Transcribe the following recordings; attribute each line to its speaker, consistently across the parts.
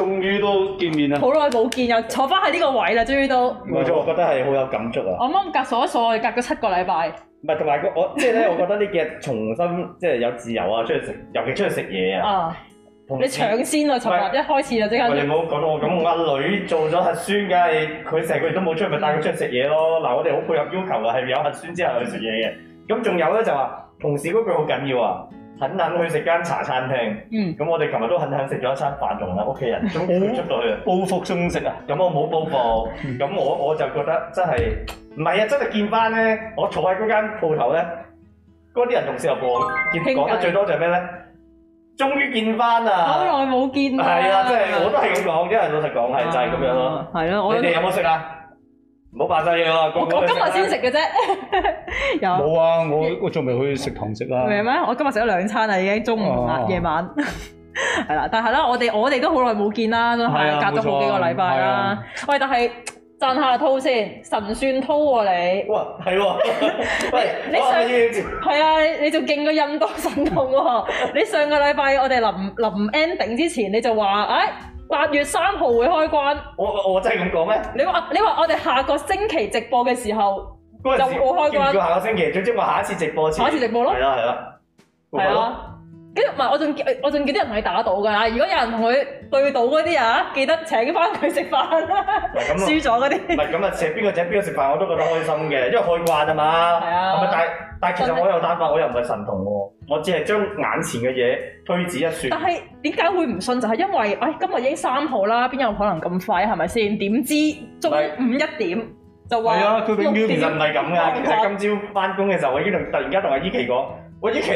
Speaker 1: 終於都見面啦！好
Speaker 2: 耐冇見，又坐翻喺呢個位啦，終於都。冇
Speaker 1: 錯，我覺得係好有感觸啊！我
Speaker 2: 啱啱隔咗所，我哋隔咗七個禮拜。
Speaker 1: 唔係，同埋我，即係咧，我覺得呢幾日重新即係、就是、有自由啊，出去食，尤其出去食嘢啊。啊！時你搶
Speaker 2: 先啊，尋日喂一開始就即刻。你唔
Speaker 1: 好講到我，咁我阿女做咗核酸，梗係佢成個月都冇出去，咪帶佢出去食嘢咯。嗱、嗯啊，我哋好配合要求嘅，係有核酸之後去食嘢嘅。咁仲有咧就話，同事嗰句好緊要啊！狠狠去食間茶餐廳，咁、嗯、我哋琴日都狠狠食咗一餐飯，仲啦屋企人，終於出到去啦， 報復中食啊！咁我冇報復，咁 我我就覺得真係唔係啊！真係見翻咧，我坐喺嗰間鋪頭咧，嗰啲人同銷售部見講得最多就係咩咧？終於見翻啊！
Speaker 2: 好耐冇見啊！係啊，即係我都係咁
Speaker 1: 講，因為老實講係就係咁樣咯。係咯，你哋有冇食啊？唔好扮曬嘢啦！我今日先食
Speaker 2: 嘅啫，有冇啊？我我
Speaker 1: 仲未去食堂食啊？明咩？
Speaker 2: 我今日食咗兩餐啦，已經中午啊，夜晚，係啦。但係咧，我哋我哋都好耐冇見啦，真係隔咗好幾個禮拜啦。喂，但係讚下濤先，神算濤喎你。哇，係喎！喂，你上係啊？你仲勁過印度神童喎！你上個禮拜我哋臨臨 ending 之前你就話誒，八月三號會開關，我我真係咁講咩？你話你話我哋下個星期直播嘅時候時就會開關？唔知下個
Speaker 1: 星期，總之我下一次直播
Speaker 2: 先。下一次直播咯，係啦係啦，係啦。跟住唔係，我仲記得我仲記得啲人係打到㗎。如果有人同佢。對到嗰啲啊，記得請翻佢食飯啦。輸咗嗰啲，
Speaker 1: 唔係咁啊，請邊個請邊個食飯，我都覺得開心嘅，因為開關啊嘛。係啊，但但其實我有單發，我又唔係神童喎，我只係將眼前嘅嘢推指一算。但係
Speaker 2: 點解會唔信？就係因為，哎，今日已經三號啦，邊有可能咁快啊？係咪先？點知中午一點就話。係啊，佢表表其實唔係咁㗎，其實
Speaker 1: 今朝翻工嘅時候，我已經突然間同阿依琪講，我依琪。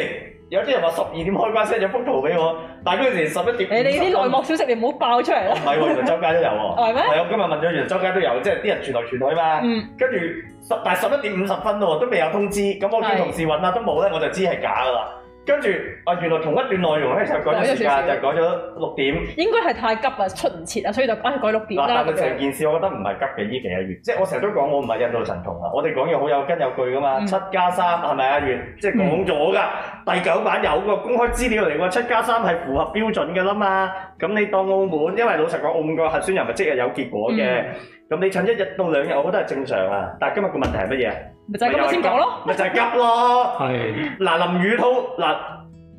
Speaker 1: 有啲人話十二點開關，send 咗幅圖俾我，但嗰陣時十一點。你你啲內
Speaker 2: 幕消息你唔好爆出嚟啦。係 喎、哦，
Speaker 1: 原來周街都有喎。咩、 哦？係我今日問咗，原來周街都有，即係啲人傳來傳去嘛。嗯。跟住十，但係十一點五十分咯，都未有通知。咁我叫同事揾啦、啊，是都冇咧，我就知係假噶啦。跟住，啊，原來同一段內容咧，其實改咗時間就改咗六點。
Speaker 2: 應該係太急啊，出唔切啊，所以就唉改六點啦。嗱，但係成
Speaker 1: 件事，我覺得唔係急嘅依幾個月。即係我成日都講，我唔係印度神童啊！我哋講嘢好有根有據噶嘛。七加三係咪啊？月即係講咗㗎。第九版有個公開資料嚟喎，七加三係符合標準㗎啦嘛。咁你當澳門，因為老實講，澳門個核酸又唔係即日有結果嘅。咁你趁一日到兩日，我覺得係正常啊。但係今日個問題係乜嘢？
Speaker 2: 咪就係咁
Speaker 1: 先講咯，咪就係急咯。係嗱，林宇滔嗱，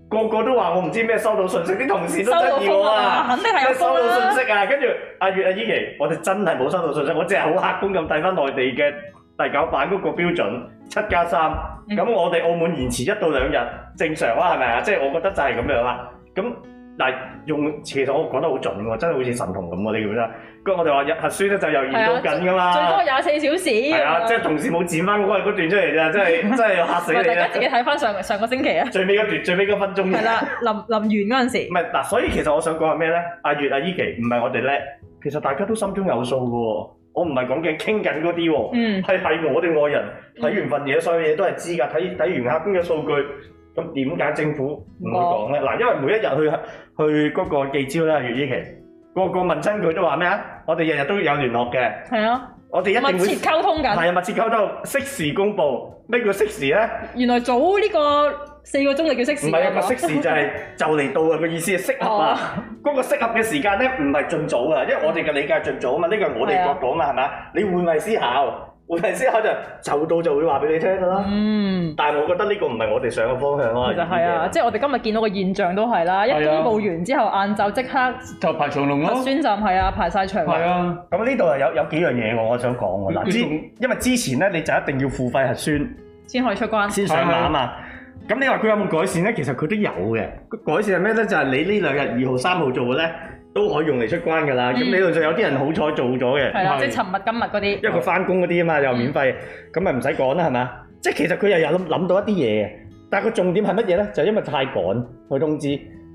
Speaker 1: 個個都話我唔知咩收到信息，啲同事都質疑我啊，肯定係有收到信息啊。跟住阿月阿依琪，我哋真係冇收到信息，我只係好客觀咁睇翻內地嘅第九版嗰個標準七加三，咁我哋澳門延遲一到兩日正常啦，係咪啊？即係我覺得就係咁樣啦。咁嗱，但用其實我講得好準喎，真係好似神童咁喎，你記唔記得？我哋話入核酸咧就又驗到緊㗎啦，最多
Speaker 2: 廿四小時的。係啊的，即係同事
Speaker 1: 冇剪翻嗰段出嚟啫，即係即係嚇死你啦！ 大家自
Speaker 2: 己睇翻上上個星期啊，最尾
Speaker 1: 嗰段，最尾嗰分鐘嘅。係啦，
Speaker 2: 臨臨完嗰陣時。唔係嗱，
Speaker 1: 所以其實我想講係咩咧？阿月、阿依琪，唔係我哋叻，其實大家都心中有數嘅喎。我唔係講緊傾緊嗰啲喎，係係我哋外人睇完份嘢，所有嘢都係知㗎。睇睇完客觀嘅數據。咁點解政府唔會講咧？嗱，因為每一日去去嗰個記招咧，葉依琪個個問親佢都話咩啊？我哋日日都有聯絡嘅，係啊，我哋一定會溝通緊，係啊，密切溝通，適時公佈。咩叫適時咧？
Speaker 2: 原來早呢個四個鐘就叫適時，唔係個適時就係
Speaker 1: 就嚟到嘅意思，係適合啊。嗰個適合嘅時間咧，唔係盡早啊，因為我哋嘅理解盡早啊嘛，呢個我哋講講啦，係咪啊？你換位思考。換嚟之後就就到就會話俾你聽噶啦，嗯，但係我覺得呢個唔係我哋想嘅方向咯，其實係啊，即係
Speaker 2: 我哋今日見到嘅現象都係啦，啊、一公佈完之後晏晝即刻
Speaker 1: 就排長龍咯、哦，核酸
Speaker 2: 站係啊，排晒長龍，係啊，
Speaker 1: 咁呢度有有幾樣嘢我我想講，嗱之、嗯、因為之前咧，你就一定要付費核酸
Speaker 2: 先可以出關，先上網啊嘛，
Speaker 1: 咁你話佢有冇改善咧？其實佢都有嘅，改善係咩咧？就係、是、你呢兩日二號、三號做嘅咧。都可以用嚟出關噶啦，咁理論上有啲人好彩做咗嘅，係啦，即係尋
Speaker 2: 日今日嗰啲，因為佢翻
Speaker 1: 工嗰啲啊嘛，又免費，咁咪唔使講啦，係嘛？即係其實佢又有諗到一啲嘢，但係個重點係乜嘢咧？就因為太趕佢通知，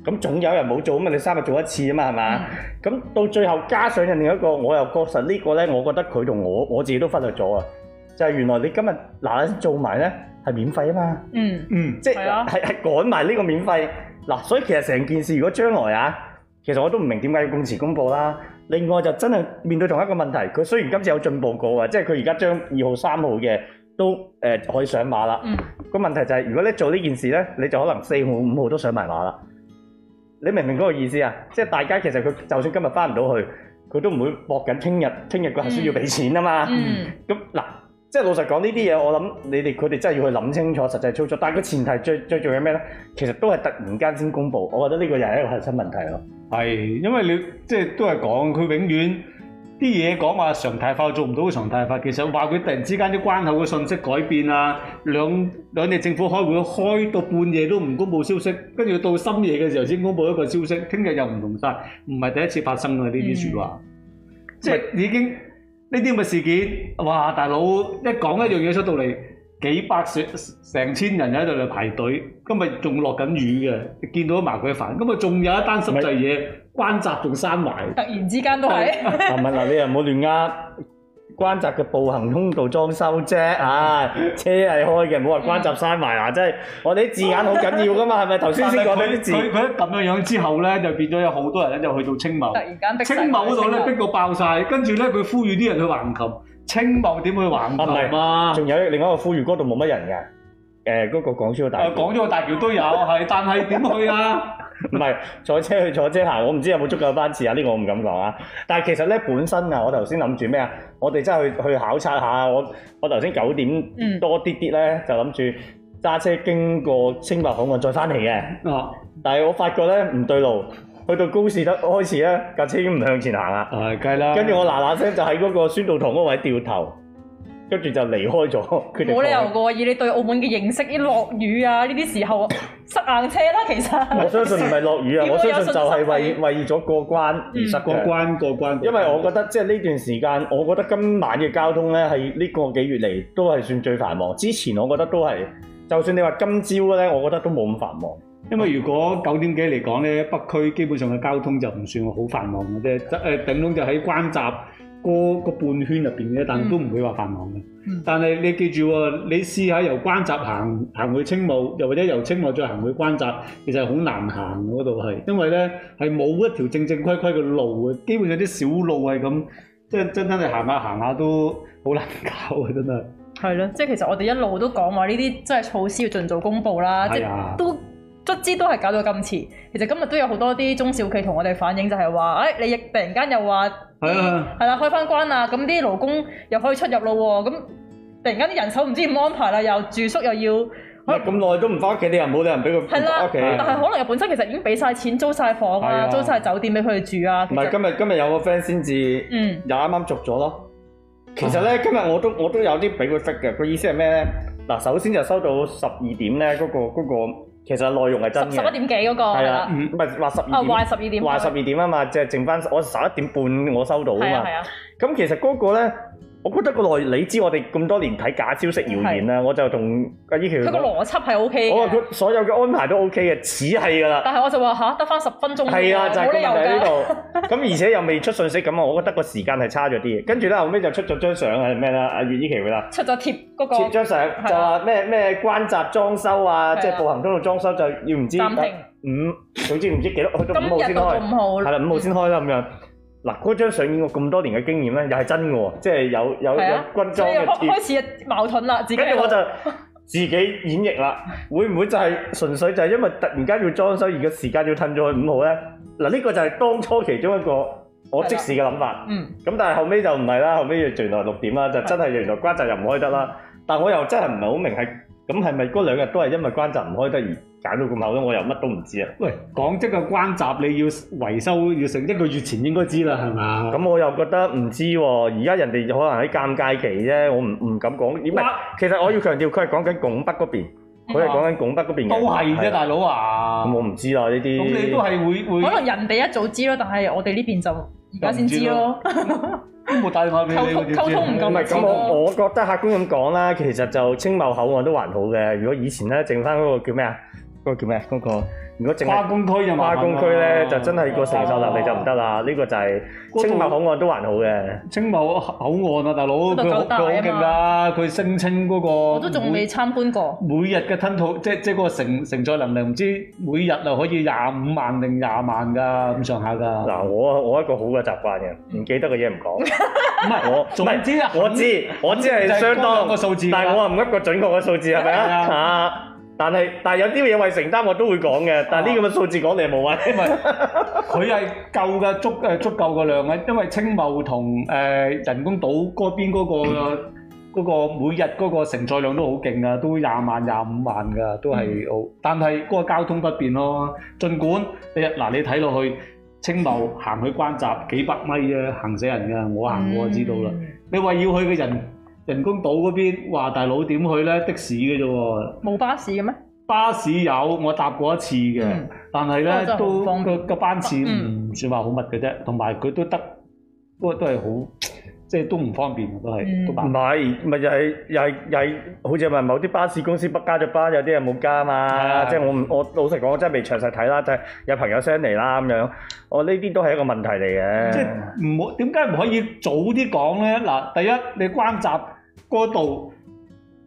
Speaker 1: 咁總有人冇做啊嘛，你三日做一次啊嘛，係嘛？咁到最後加上另一個，我又確實呢個咧，我覺得佢同我我自己都忽略咗啊，就係原來你今日嗱嗱先做埋咧係免費啊嘛，嗯嗯，即係係係趕埋呢個免費嗱，所以其實成件事如果將來啊。其實我都唔明點解要咁遲公布啦。另外就真係面對同一個問題，佢雖然今次有進步過啊，即係佢而家將二號、三號嘅都誒可以上馬啦。個問題就係，如果你做呢件事咧，你就可能四號、五號都上埋馬啦。你明唔明嗰個意思啊？即係大家其實佢就算今日翻唔到去，佢都唔會搏緊聽日，聽日佢係需要俾錢啊嘛。咁嗱。即係老實講呢啲嘢，我諗你哋佢哋真係要去諗清楚實際操作，但係個前提最最重要係咩咧？其實都係突然間先公布，我覺得呢個又係一個核心問題咯。係，因為你即係都係講佢永遠啲嘢講話常態化，做唔到個常態化。其實話佢突然之間啲關口嘅信息改變啊，兩兩地政府開會開到半夜都唔公布消息，跟住到深夜嘅時候先公布一個消息，聽日又唔同晒。唔係第一次發生㗎。嗯！呢啲説話，即係是已經。呢啲咁嘅事件，哇！大佬一講一樣嘢出到嚟，幾百成千人喺度嚟排隊。今日仲落緊雨嘅，見到麻鬼煩。今日仲有一單濕滯嘢是關閘仲閂埋，突
Speaker 2: 然之間都係。唔係
Speaker 1: 嗱，你又唔好亂呃。關閘嘅步行通道裝修啫，啊，車係開嘅，唔好話關閘閂埋啊！即係，我哋啲字眼好緊要噶嘛，係咪？頭先先講咗啲字，所以佢一咁樣樣之後咧，就變咗有好多人咧就去到青茂，突然
Speaker 2: 間青茂嗰度咧逼到
Speaker 1: 爆晒，跟住咧佢呼籲啲人去橫琴，青茂點去橫琴啊？唔係嘛？仲有另外一個呼籲嗰度冇乜人嘅，誒，嗰個港珠澳大，港珠澳大橋都有，係，但係點去啊？唔係 坐車去坐車行，我唔知有冇足夠班次啊？呢、這個我唔敢講啊。但係其實咧，本身啊，我頭先諗住咩啊？我哋真係去去考察下。我我頭先九點多啲啲咧，嗯、就諗住揸車經過清白口岸再翻嚟嘅。啊、但係我發覺咧唔對路，去到高士德開始咧，架車已經唔向前行啦。誒、啊，梗係啦。跟住我嗱嗱聲就喺嗰個宣道堂嗰位掉頭。跟住就離開咗，冇理由過。
Speaker 2: 以你對澳門嘅認識，啲落雨啊，呢啲時候塞硬車啦。其實我相信唔係落雨啊，我相信就係
Speaker 1: 為為咗過關而塞。過關過關。因為我覺得即係呢段時間，我覺得今晚嘅交通呢，係呢個幾月嚟都係算最繁忙。之前我覺得都係，就算你話今朝呢，我覺得都冇咁繁忙。因為如果九點幾嚟講呢，北區基本上嘅交通就唔算好繁忙嘅啫，誒，頂籠就喺關閘。個個半圈入邊嘅，但係都唔會話繁忙嘅。嗯、但係你記住喎、啊，你試下由關閘行行去青茂，又或者由青茂再行去關閘，其實係好難行嗰度係，因為咧係冇一條正正規規嘅路嘅，基本上啲小路係咁，即係真係你行下行下都好難搞啊！真
Speaker 2: 係。係咯，即係其實我哋一路都講話呢啲，即係措施要盡早公佈啦，哎、呀即係都。卒之都係搞到咁遲，其實今日都有好多啲中小企同我哋反映，就係、是、話：，誒、哎，你亦突然間又話係啊，係啦、嗯啊，開翻關啊，咁啲勞工又可以出入咯喎，咁、嗯、突然間啲人手唔知點安排啦，又住宿又要，咁、嗯、耐
Speaker 1: 都唔翻屋企，你又冇理由俾佢翻屋企。啦、啊，okay, 但係可
Speaker 2: 能有本身其實已經俾晒錢租晒房啊，租晒酒店俾佢哋住啊。唔係今
Speaker 1: 日今日有個 friend 先至，嗯，又啱啱續咗咯。其實咧，今日、嗯、我都我都，我都有啲俾佢識嘅，佢意思係咩咧？嗱，首先就收到十二點咧，嗰個嗰個。那個那個那個那個其實內容係真嘅。十一
Speaker 2: 點幾嗰個係啦，
Speaker 1: 唔係話十二點。話十二點啊嘛，即係剩翻我十一點半我收到啊嘛。咁其實嗰個咧。我覺得個內，你知我哋咁多年睇假消息、謠言啦，我就同阿依琪佢個邏輯
Speaker 2: 係 O K 嘅。我話佢
Speaker 1: 所有嘅安排都 O K 嘅，似係噶啦。
Speaker 2: 但係我就話嚇，得翻十分鐘啦，冇，就係呢度？
Speaker 1: 咁而且又未出信息咁啊，我覺得個時間係差咗啲。跟住咧後尾就出咗張相係咩啦？阿月依琪會啦。
Speaker 2: 出咗貼嗰個。貼張相
Speaker 1: 就話咩咩關閘裝修啊，即係步行通道裝修就要唔知五，總之唔知幾多，去到五號先開。五
Speaker 2: 號。係啦，五號先
Speaker 1: 開啦咁樣。嗱，嗰張上演我咁多年嘅經驗咧，又係真嘅喎，即係有有，的有軍裝嘅。自開始
Speaker 2: 矛盾啦，跟住我就
Speaker 1: 自己演繹啦。 會唔會就係純粹就係因為突然間要裝修而個時間要褪咗去五號咧？嗱，呢個就係當初其中一個我即時嘅諗法。嗯。咁但係後尾就唔係啦，後尾就原來六點啦，就真係原來關閘又唔開得啦。是的 但我又真係唔係好明係，咁係咪嗰兩日都係因為關閘唔開得而？解到咁厚咧，我又乜都唔知啊！喂，港即嘅關閘，你要維修要成一個月前應該知啦，係嘛？咁我又覺得唔知喎、啊，而家人哋可能喺尷尬期啫，我唔唔敢講。北其實我要強調，佢係講緊拱北嗰邊，
Speaker 2: 佢係講緊
Speaker 1: 拱北嗰邊都係啫，大佬
Speaker 2: 啊！咁我
Speaker 1: 唔知啦呢啲。咁你都係
Speaker 2: 會會？會可能人哋一早知咯，但係我哋呢邊就而家先知咯。冇打電話俾溝通溝通唔夠密咁、嗯、我我
Speaker 1: 覺得客觀咁講啦，其實就青茂口岸都還好嘅。如果以前咧，剩翻嗰個叫咩啊？嗰個叫咩？嗰個如果化工區就化工區咧，就真係個承受能力就唔得啦。呢個就係青茂口岸都還好嘅。青茂口岸啊，大佬佢好勁啊。佢聲稱嗰個我都仲未參觀過。每日嘅吞吐，即即個承承載能力，唔知每日啊可以廿五萬定廿萬㗎咁上下㗎。嗱，我我一個好嘅習慣嘅，唔記得嘅嘢唔講。唔係我，唔知啊。我知，我知係相當，但係我唔一個準確嘅數字係咪啊？但係，但係有啲嘢為承擔，我都會講嘅。但係呢個嘅數字講你冇無，因為佢係夠嘅足誒足夠嘅量啊！因為青茂同誒人工島嗰邊嗰個每日嗰個承載量都好勁啊，都廿萬廿五萬噶，都係好。嗯、但係嗰個交通不便咯。儘管一日嗱，你睇落去青茂行去關閘幾百米啫，啊，行死人㗎。我行過就知道啦。嗯、你話要去嘅人？人工島嗰邊話大佬點去咧？的士嘅啫喎，
Speaker 2: 冇巴士嘅咩？
Speaker 1: 巴士有，我搭過一次嘅，但係咧都個個班次唔算話好密嘅啫，同埋佢都得都都係好即係都唔方便嘅都係，唔係唔係又係又係又係好似話某啲巴士公司不加咗班，有啲人冇加嘛，即係我唔我老實講，我真係未詳細睇啦，就係有朋友聲嚟啦咁樣，我呢啲都係一個問題嚟嘅，即係唔好點解唔可以早啲講咧？嗱，第一你關閘。嗰度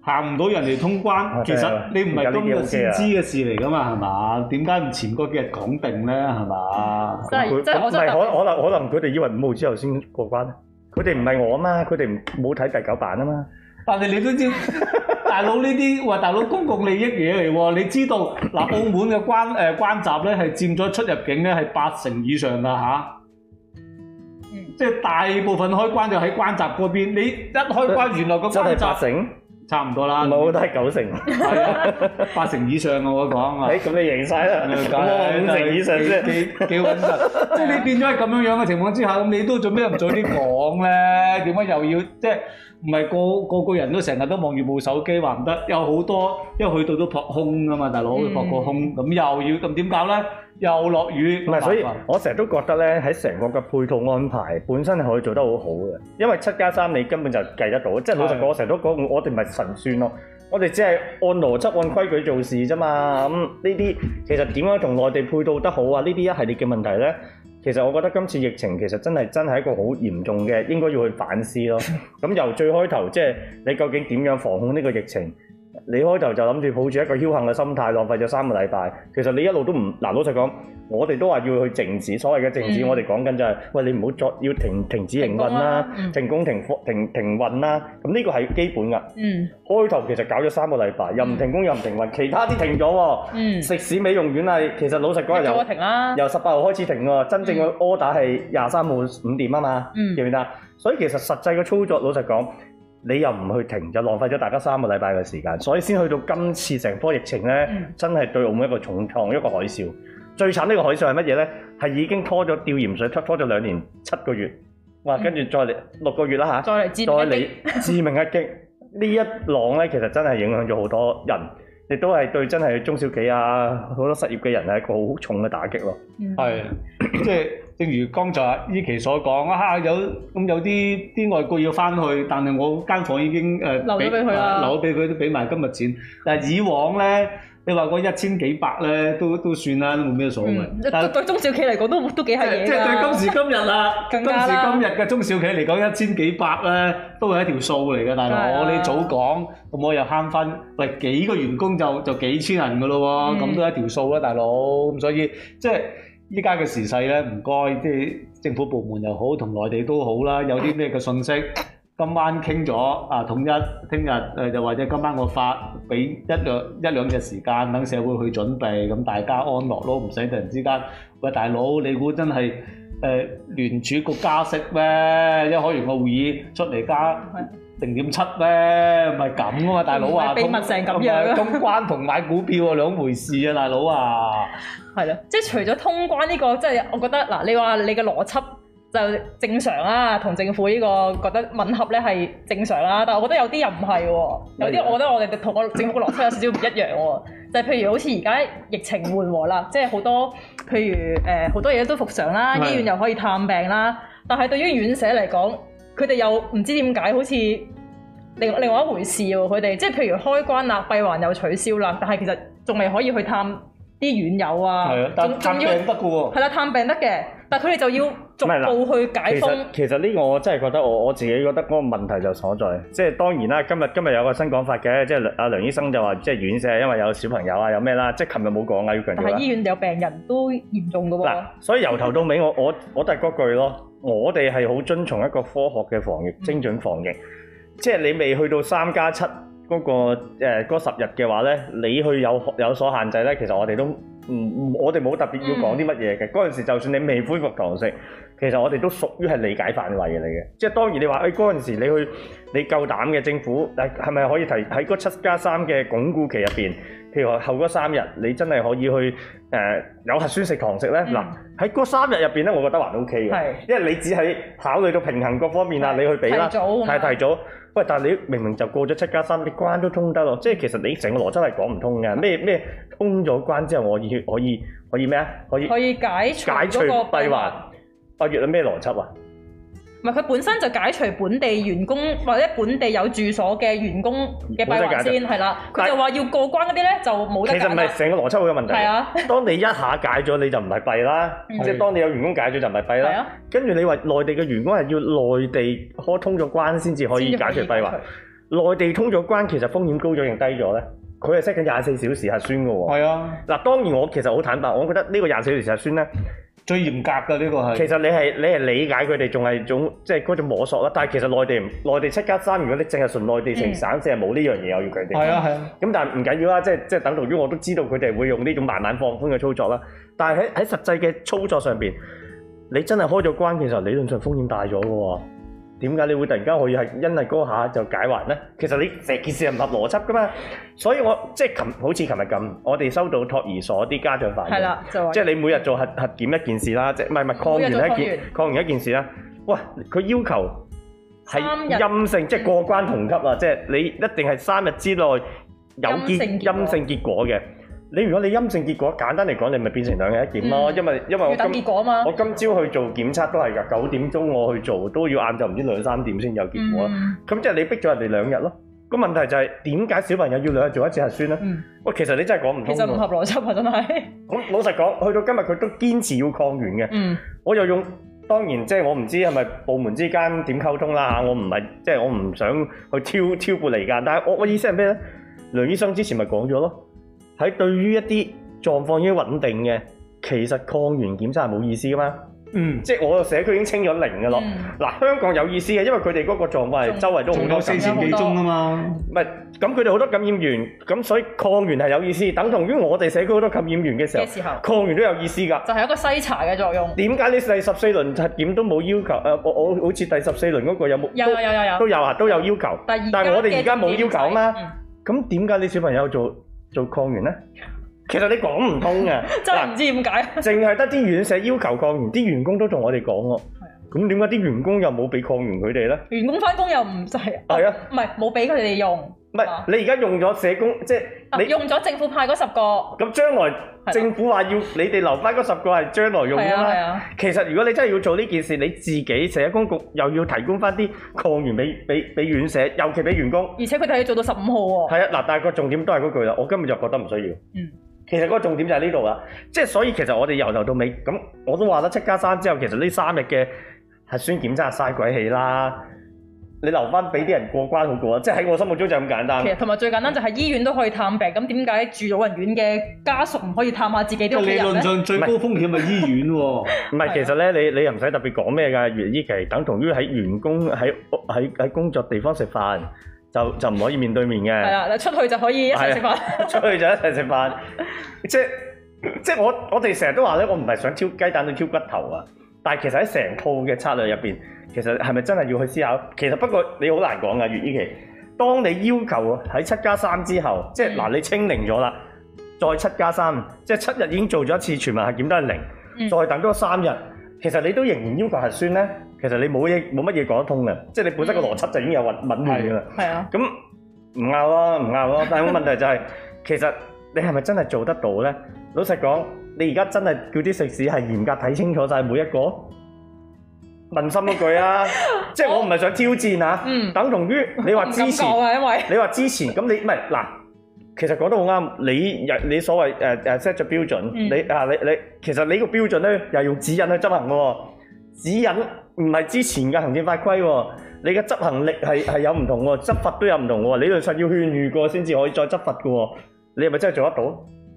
Speaker 1: 行唔到人哋通關，其實你唔係今日先知嘅事嚟噶嘛，係嘛？點解唔前嗰幾日講定咧，係嘛？即係即係我覺得可能可能可能佢哋以為五號之後先過關咧，佢哋唔係我啊嘛，佢哋冇睇第九版啊嘛。但係你都知 大，大佬呢啲話大佬公共利益嘢嚟喎，你知道嗱、呃，澳門嘅關誒、呃、關閘咧係佔咗出入境咧係八成以上㗎嚇。啊即係大部分開關就喺關閘嗰邊，你一開關原來個關閘八成差唔多啦，冇都係九成，八成以上我講啊。咁你贏曬啦，九成以上先幾幾穩陣。即係你變咗係咁樣樣嘅情況之下，咁你都做咩唔早啲講咧？點解又要即係唔係個個個人都成日都望住部手機，話唔得？有好多，因為去到都撲空啊嘛，大佬撲個空，咁又要咁點搞咧？又落雨，唔係是，所以我成日都覺得咧，喺成個嘅配套安排本身係可以做得好好嘅，因為七加三你根本就計得到，即係老實講，我成日都講，我哋唔係神算咯，是的 我哋只係按邏輯、按規矩做事啫嘛。咁呢啲其實點樣同內地配套得好啊？呢啲一系列嘅問題咧，其實我覺得今次疫情其實真係真係一個好嚴重嘅，應該要去反思咯。咁 由最開頭，即係你究竟點樣防控呢個疫情？你開頭就諗住抱住一個僥倖嘅心態，浪費咗三個禮拜。其實你一路都唔嗱老實講，我哋都話要去靜止。所謂嘅靜止我，我哋講緊就係，喂你唔好再要停停止營運啦、啊啊嗯，停工停停停運啦、啊。咁呢個係基本㗎。嗯。開頭其實搞咗三個禮拜，又唔停工、嗯、又唔停,停運，其他啲停咗喎。嗯食。食肆美容院係其實老實講又停啦、啊，由十八號開始停喎。真正嘅 order 係廿三號五點啊嘛。嗯,嗯。記唔記得？所以其實實際嘅操作，老實講。你又唔去停，就浪費咗大家三個禮拜嘅時間，所以先去到今次成波疫情咧，嗯、真係對澳門一個重創，一個海嘯。最慘呢個海嘯係乜嘢咧？係已經拖咗吊鹽水拖咗兩年七個月，話跟住再嚟六個月啦嚇，
Speaker 2: 啊、再嚟
Speaker 1: 致命一擊。呢 一浪咧，其實真係影響咗好多人。亦都係對真係中小企啊，好多失業嘅人係一個好重嘅打擊咯。係、嗯， 即係正如剛才依期所講啊，有咁有啲啲外國要翻去，但係我間房已經誒、呃、留咗俾佢啦，留咗俾佢都俾埋今日錢。但係以往咧。你話嗰一千幾百咧，都都算啦，都冇咩所謂。但
Speaker 2: 對中小企嚟講都都幾係嘢㗎。即係對今時
Speaker 1: 今日啦，今時今日嘅中小企嚟講，一千幾百咧都係一條數嚟嘅，大佬。你早講，咁我又慳翻？喂，幾個員工就就幾千人㗎咯喎，咁都係一條數啊，大佬。咁所以即係依家嘅時勢咧，唔該，即係政府部門又好，同內地都好啦，有啲咩嘅信息。今晚傾咗啊，統一聽日誒就或者今晚我發俾一兩一兩日時間，等社會去準備，咁大家安樂咯，唔使突然之間喂，大佬，你估真係誒聯儲局加息咩？一開完個會議出嚟加零點七咩？咪咁啊嘛，大佬啊，秘密成咁樣啊！通關同買股票啊，兩回事啊，大佬啊，
Speaker 2: 係啦，即係除咗通關呢個，即係我覺得嗱，你話你嘅邏輯。就正常啦、啊，同政府呢個覺得吻合咧係正常啦、啊。但係我覺得有啲又唔係喎，有啲我覺得我哋同個政府嘅邏輯有少少唔一樣喎、啊。 就係譬如好似而家疫情緩和啦，即係好多譬如誒好、呃、多嘢都復常啦、啊，醫院又可以探病啦、啊。的但係對於院舍嚟講，佢哋又唔知點解好似另另外一回事喎、啊。佢哋即係譬如開關啦、閉環又取消啦，但係其實仲未可以去探啲院友啊。係啊的，還探病得嘅喎。係啦，探病得嘅，但係佢哋就要。逐步去解封。
Speaker 1: 其實呢個我真係覺得我我自己覺得嗰個問題就所在，即係當然啦。今日今日有個新講法嘅，即係阿梁，梁醫生就話，即係院舍因為有小朋友啊，有咩啦，即係琴日冇講啊。要強調但係醫
Speaker 2: 院有病人都嚴重嘅喎。嗱，
Speaker 1: 所以由頭到尾我，我我我都係嗰句咯，我哋係好遵從一個科學嘅防疫、精準防疫，嗯、即係你未去到三加七。7, 嗰、那個嗰、呃那個、十日嘅話呢，你去有有所限制呢，其實我哋都唔我哋冇特別要講啲乜嘢嘅。嗰陣、嗯、時就算你未恢復堂食，其實我哋都屬於係理解範圍嚟嘅。即係當然你話誒嗰陣時你去你夠膽嘅政府誒係咪可以提喺嗰七加三嘅鞏固期入邊，譬如話後嗰三日你真係可以去誒、呃、有核酸食堂食呢？嗱，喺嗰三日入邊呢，我覺得還 OK 嘅，是因為你只係考慮到平衡各方面啦，是你去俾啦，係提早。喂，但係你明明就過咗七加三你關都通得咯，即其實你整個邏輯係講唔通嘅。咩咩通咗關之後，我可以可以可以咩啊？可以，可以，可以可以解除嗰個閉環啊。發掘咗咩邏輯啊？
Speaker 2: 唔係佢本身就解除本地員工或者本地有住所嘅員工嘅閉環先，係啦。佢但 就話要過關嗰啲咧就冇得解。其實唔係
Speaker 1: 成個邏輯好有問題。係是啊。當你一下解咗你就唔係閉啦。是啊、即係當你有員工解咗就唔係閉啦。跟住是、啊、你話內地嘅員工係要內地開通咗關先至可以解除閉環。是啊、內地通咗關，其實風險高咗定低咗咧？佢係識緊廿四小時核酸嘅喎。是啊。嗱，當然我其實好坦白，我覺得呢個廿四小時核酸咧。最嚴格嘅呢個係，其實你係你係理解佢哋，仲係種即係嗰種摸索啦。但係其實內地內地七加三，3，如果你淨係純內地成省，淨係冇呢樣嘢，我要佢哋。係啊係啊。咁但係唔緊要啦，即係即係等同於我都知道佢哋會用呢種慢慢放寬嘅操作啦。但係喺喺實際嘅操作上邊，你真係開咗關，其實理論上風險大咗嘅喎。點解你會突然間可以係因為嗰下就解環咧？其實你成件事唔合邏輯㗎嘛，所以我即係琴好似琴日咁，我哋收到托兒所啲家長反映，係啦，即係你每日做核核檢一件事啦，即係唔係唔抗原一件抗原一件事啦。哇！佢要求係陰性，即係過關同級啦，即係你一定係三日之內有結陰性結果嘅。你如果你陰性結果，簡單嚟講，你咪變成兩日一檢咯、嗯。因為因為我結果嘛，我今朝去做檢測都係㗎，九點鐘我去做都要晏晝唔知兩三點先有結果。咁、嗯、即係你逼咗人哋兩日咯。個問題就係點解小朋友要兩日做一次核酸咧？喂、嗯，其實你真係講唔通。其實
Speaker 2: 不合邏輯啊，真係。
Speaker 1: 咁 老實講，去到今日佢都堅持要抗原嘅。嗯、我又用當然即係、就是、我唔知係咪部門之間點溝通啦嚇。我唔係即係我唔想去挑挑，挑撥離間。但係我我意思係咩咧？梁醫生之前咪講咗咯。喺對於一啲狀況已經穩定嘅，其實抗原檢測係冇意思噶嘛。嗯，即係我個社區已經清咗零噶咯。嗱，香港有意思嘅，因為佢哋嗰個狀況係周圍都好多感染。仲有四千幾宗啊嘛。唔係，咁佢哋好多感染源，咁所以抗原係有意思，等同於我哋社區好多感染源嘅時候，抗原都有意思㗎。就係
Speaker 2: 一個篩查嘅作用。
Speaker 1: 點解你第十四輪測檢都冇要求？誒，我我好似第十四輪嗰個有冇？有有有有都有啊，都有要求。但係我哋而家冇要求啊嘛。咁點解你小朋友做做抗原呢？其實你講唔通嘅， 真係唔知點解，淨係得啲院舍要求抗原，啲員工都同我哋講喎。咁點解啲員工又冇俾抗原佢哋咧？
Speaker 2: 員工翻工又唔使。係啊。唔係冇俾佢哋用。唔係、
Speaker 1: 啊、你而家用咗社工，
Speaker 2: 即係你、啊、用咗政府派嗰十個。
Speaker 1: 咁、啊、將來政府話要你哋留翻嗰十個係將來用啦。係啊。啊啊其實如果你真係要做呢件事，你自己社工局又要提供翻啲抗原俾俾院社，尤其俾員工。而且
Speaker 2: 佢哋要做到十五號
Speaker 1: 喎、哦。係啊，嗱，但係個重點都係嗰句啦，我根本就覺得唔需要。嗯，其實個重點就係呢度啦，即係所以其實我哋由頭到尾咁，我都話得七加三之後，其實呢三日嘅。核酸檢測嘥鬼氣啦！你留翻俾啲人過關好過啊！即係喺我心目中就咁簡單。其實
Speaker 2: 同埋最簡單就係醫院都可以探病，咁點解住老人院嘅家屬唔可以探下自己啲人？理論上最高
Speaker 1: 風險係是醫院喎、啊。唔係， 其實咧，你你又唔使特別講咩㗎。月醫期等同於喺員工喺屋喺喺工作地方食飯，就就唔可以面對面嘅。係啦、
Speaker 2: 啊，你出去就可以一齊食飯、
Speaker 1: 啊。出去就一齊食飯。 即即我我哋成日都話咧，我唔係想挑雞蛋去挑骨頭啊！但係其實喺成套嘅策略入邊，其實係咪真係要去思考？其實不過你好難講噶。葉於其，當你要求喺七加三之後，即係嗱你清零咗啦，再七加三，即係七日已經做咗一次全民核檢都係零，再等多三日，其實你都仍然要求核酸咧，其實你冇嘢冇乜嘢講得通噶，即係你本身個邏輯就已經有問題噶啦。係啊，咁唔啱咯，唔啱咯。但係個問題就係，其實你係咪真係做得到咧？老實講。你而家真係叫啲食肆係嚴格睇清楚晒，每一個問心一句啊！ 即係我唔係想挑戰啊，不等同於你話因為，你話之前咁你唔係嗱，其實講得好啱。你你所謂誒誒 set 咗標準，嗯、你啊、呃、你你其實你個標準咧又係用指引去執行嘅喎，指引唔係之前嘅行政法規喎，你嘅執行力係係有唔同喎，執法都有唔同喎。理論上要勸喻過先至可以再執法嘅喎，你係咪真係做得到？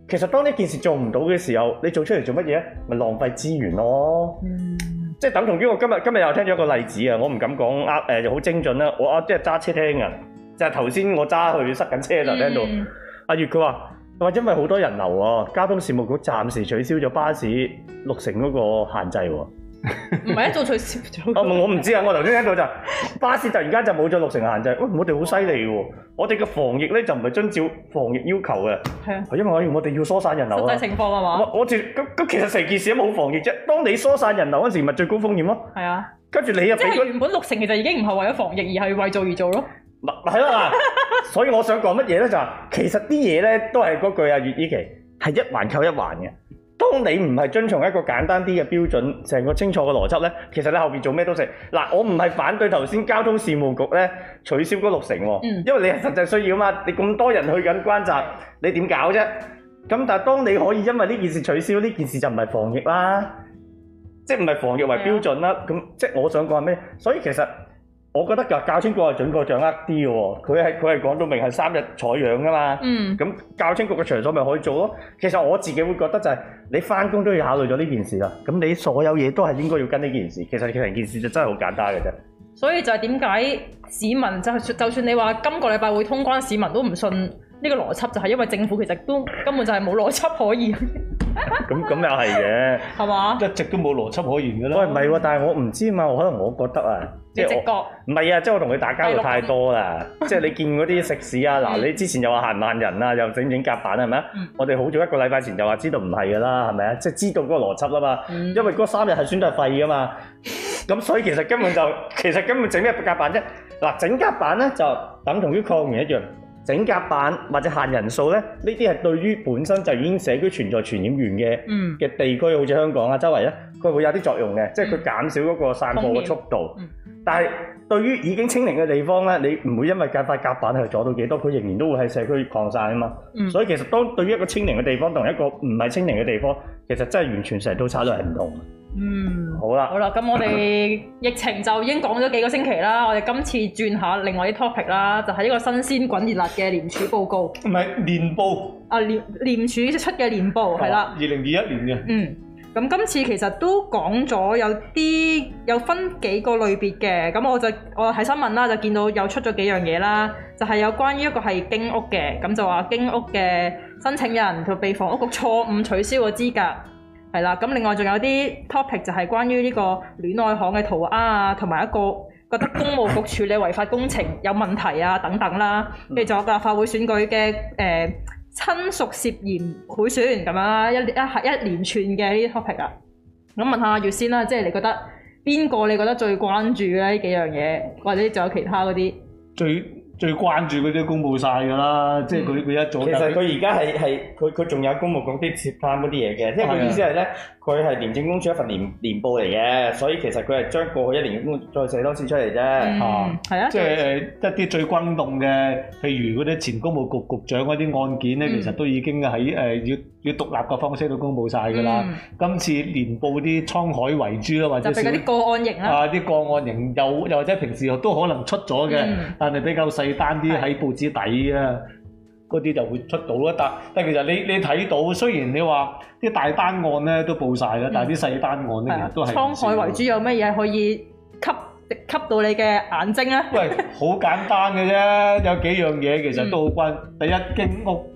Speaker 1: 其實當呢件事做唔到嘅時候，你做出嚟做乜嘢？咪、就是、浪費資源咯。嗯，即係等同於我今日今日又聽咗一個例子啊！我唔敢講啱誒好精準啦。我啊即係揸車聽啊，就係頭先我揸去塞緊車就聽到阿月佢話：話、嗯啊、因為好多人流啊，交通事務局暫時取消咗巴士六成嗰個限制喎、啊。
Speaker 2: 唔係一早取消咗？唔我唔知
Speaker 1: 啊！我頭先一到就 巴士突然間就冇咗六成限制，喂、哎，我哋好犀利嘅，我哋嘅防疫咧就唔係遵照防疫要求嘅。係啊，係因為我哋要疏散人流啊，實際情況啊嘛？我我咁咁，其實成件事都冇防疫啫。當你疏散人流嗰時，咪最高風險咯。
Speaker 2: 係啊，跟住你又俾佢原本六成，其實已經唔係為咗防疫，而係為做而做咯。
Speaker 1: 咪咪係咯，所以我想講乜嘢咧？就係、是、其實啲嘢咧都係嗰句啊，月子期，係一環扣一環嘅。當你唔係遵從一個簡單啲嘅標準，成個清楚嘅邏輯呢，其實你後面做咩都成。嗱，我唔係反對頭先交通事務局咧取消嗰六成喎，嗯、因為你係實際需要嘛，你咁多人去緊關閘，你點搞啫？咁但係當你可以因為呢件事取消呢件事，就唔係防疫啦，即係唔係防疫為標準啦？咁、嗯、即係我想講係咩？所以其實。我覺得教教青局係準確掌握啲嘅喎，佢係佢係講到明係三日採樣噶嘛，咁、嗯、教青局嘅場所咪可以做咯。其實我自己會覺得就係、是、你返工都要考慮咗呢件事啦。咁你所有嘢都係應該要跟呢件事。其實其實成件事就真係好簡單嘅啫。
Speaker 2: 所以就係點解市民就係就算你話今個禮拜會通關，市民都唔信呢個邏輯，就係、是、因為政府其實都根本就係冇邏輯可言。咁咁又
Speaker 1: 係嘅，係嘛？ 吧一直都冇邏輯可言嘅啦。喂，唔係喎，但係我唔知嘛，我可能我覺得覺我啊，就是、即係我覺。唔係啊，即係我同佢打交道太多啦，即係你見嗰啲食肆啊，嗱，你之前又話限唔限人啊，又整唔整甲板啊，係咪啊？嗯、我哋好早一個禮拜前就話知道唔係噶啦，係咪啊？即、就、係、是、知道嗰個邏輯啦嘛，嗯、因為嗰三日係算得係廢噶嘛，咁 所以其實根本就其實根本整咩夾板啫。嗱、啊，整甲板咧就等同於抗原一樣。整隔板或者限人數咧，呢啲係對於本身就已經社區存在傳染源嘅嘅地區，好似、嗯、香港啊周圍咧，佢會有啲作用嘅，即係佢減少嗰個散播嘅速度。險但係對於已經清零嘅地方咧，你唔會因為隔發隔板係阻到幾多，佢仍然都會喺社區擴散啊嘛。嗯、所以其實當對於一個清零嘅地方同一個唔係清零嘅地方，其實真係完全成套策略係唔同。嗯，好啦，
Speaker 2: 好啦，咁我哋疫情就已經講咗幾個星期啦，我哋今次轉下另外啲 topic 啦，就係呢個新鮮滾熱辣嘅廉署報告，唔係年報，啊廉署出嘅年報係啦，
Speaker 1: 二零二一年嘅，嗯，
Speaker 2: 咁今次其實都講咗有啲有分幾個類別嘅，咁我就我喺新聞啦，就見到有出咗幾樣嘢啦，就係有關於一個係經屋嘅，咁就話經屋嘅申請人佢被房屋局錯誤取消個資格。係啦，咁另外仲有啲 topic 就係關於呢個戀愛行嘅塗鴉啊，同埋一個覺得公務局處理違法工程有問題啊等等啦、啊，跟住仲有個立法會選舉嘅誒、呃、親屬涉嫌賄選咁樣啦、啊，一一一連串嘅呢啲 topic 啊，咁問下月先啦，即、就、係、是、你覺得邊個你覺得最關注咧？呢幾樣嘢，或者仲有其他嗰啲最。
Speaker 1: 最關注嗰啲公佈晒㗎啦，即係佢佢一早。其實佢而家係係佢佢仲有公務局啲涉貪嗰啲嘢嘅，即係佢意思係咧，佢係是的 廉政公署一份年年報嚟嘅，所以其實佢係將過去一年嘅公，再寫多次出嚟啫。啊，係啊，即係一啲最轟動嘅，譬如嗰啲前公務局局長嗰啲案件咧，嗯、其實都已經喺誒、呃、要。要獨立嘅方式都公佈晒㗎啦。嗯、今次連報啲滄海遺珠啦，或者啲
Speaker 2: 個案型啊，啊
Speaker 1: 啲個案型又又或者平時都可能出咗嘅，嗯、但係比較細單啲喺的報紙底啊，嗰啲就會出到啦。但但其實你你睇到，雖然你話啲大單案咧都報晒啦，但係啲細單案咧都係滄海遺珠
Speaker 2: 有乜嘢可以吸吸到你嘅眼睛咧？喂，
Speaker 1: 好簡單嘅啫，有幾樣嘢其實都好關。嗯、第一，經屋。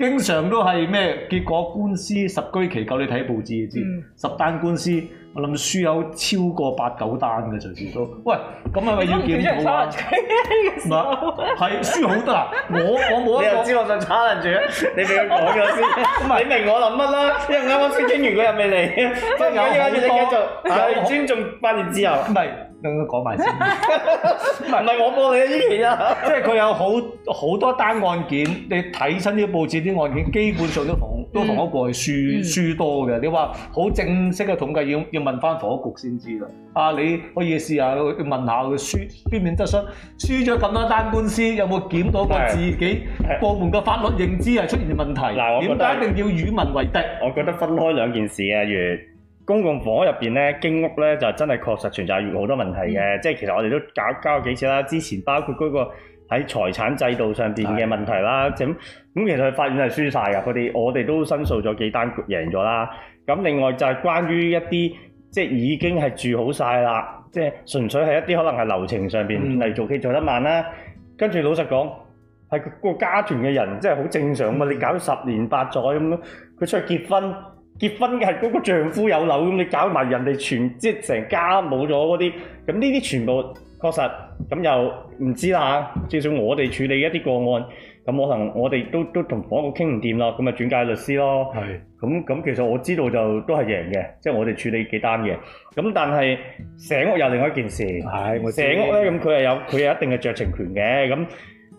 Speaker 1: 經常都係咩？結果官司十居其九，你睇報紙就知道、嗯、十單官司，我諗輸有超過八九單嘅，隨時都喂咁係咪要見到啊？唔係，輸好多啊！我我冇你又知我就差人住，你哋講咗先，你明我諗乜啦？因為啱啱先傾完嗰日未嚟，唔緊要唔緊要，你繼續，尊重法律自由。唔係。等講埋先，唔係我幫你啊，呢期啊， 即係佢有好好多單案件，你睇親啲報紙啲案件，基本上都同都同一個輸多嘅。你話好正式嘅統計要要問翻房屋局先知啦。啊，你可以試下去問下佢輸邊面質詢，輸咗咁多單官司，有冇檢到個自己部門嘅法律認知係出現問題？點解一定要與民為敵？我覺得分開兩件事啊，月。公共房屋入邊咧，經屋咧就真係確實存在好多問題嘅。嗯、即係其實我哋都搞交咗幾次啦。之前包括嗰個喺財產制度上邊嘅問題啦，咁咁的其實法院係輸晒㗎。佢哋我哋都申訴咗幾單贏咗啦。咁另外就係關於一啲即係已經係住好晒啦，即係純粹係一啲可能係流程上邊嚟、嗯、做嘢做得慢啦。跟住老實講，係個家團嘅人即係好正常嘛。你搞十年八載咁樣，佢出去結婚。結婚嘅係嗰個丈夫有樓，咁你搞埋人哋全即係成家冇咗嗰啲，咁呢啲全部確實咁又唔知啦。至少我哋處理一啲個案，咁可能我哋都都同房屋局傾唔掂咯。咁咪轉介律師咯。係是，咁咁其實我知道就都係贏嘅，即、就、係、是、我哋處理幾單嘅。咁但係社屋有另外一件事，社、哎、屋咧咁佢係有佢有一定嘅酌情權嘅。咁誒、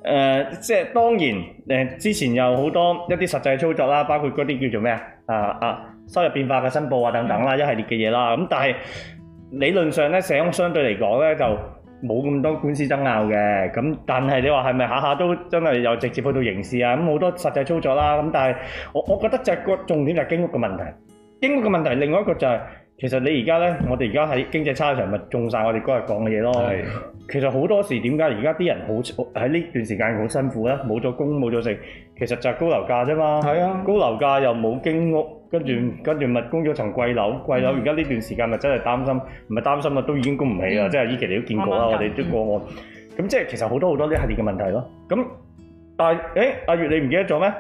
Speaker 1: 呃、即係當然誒、呃、之前有好多一啲實際操作啦，包括嗰啲叫做咩啊啊！啊收入變化嘅申報啊，等等啦，一系列嘅嘢啦，咁但係理論上咧，社屋相對嚟講咧就冇咁多官司爭拗嘅，咁但係你話係咪下下都真係又直接去到刑事啊？咁好多實際操作啦，咁但係我我覺得就個重點就係經屋嘅問題，經屋嘅問題另外一個就係。其實你而家咧，我哋而家喺經濟差場，咪中晒我哋嗰日講嘅嘢咯。係，其實好多時點解而家啲人好喺呢段時間好辛苦咧？冇咗工，冇咗食，其實就係高樓價啫嘛。係啊，高樓價又冇經屋，跟住跟住，咪供咗層貴樓，貴樓而家呢段時間咪真係擔心，唔係擔心啊，都已經供唔起啦。即係呢期你都見過啦，我哋都過案。咁即係其實好多好多呢系列嘅問題咯。咁，但係誒，阿月你唔記得咗咩？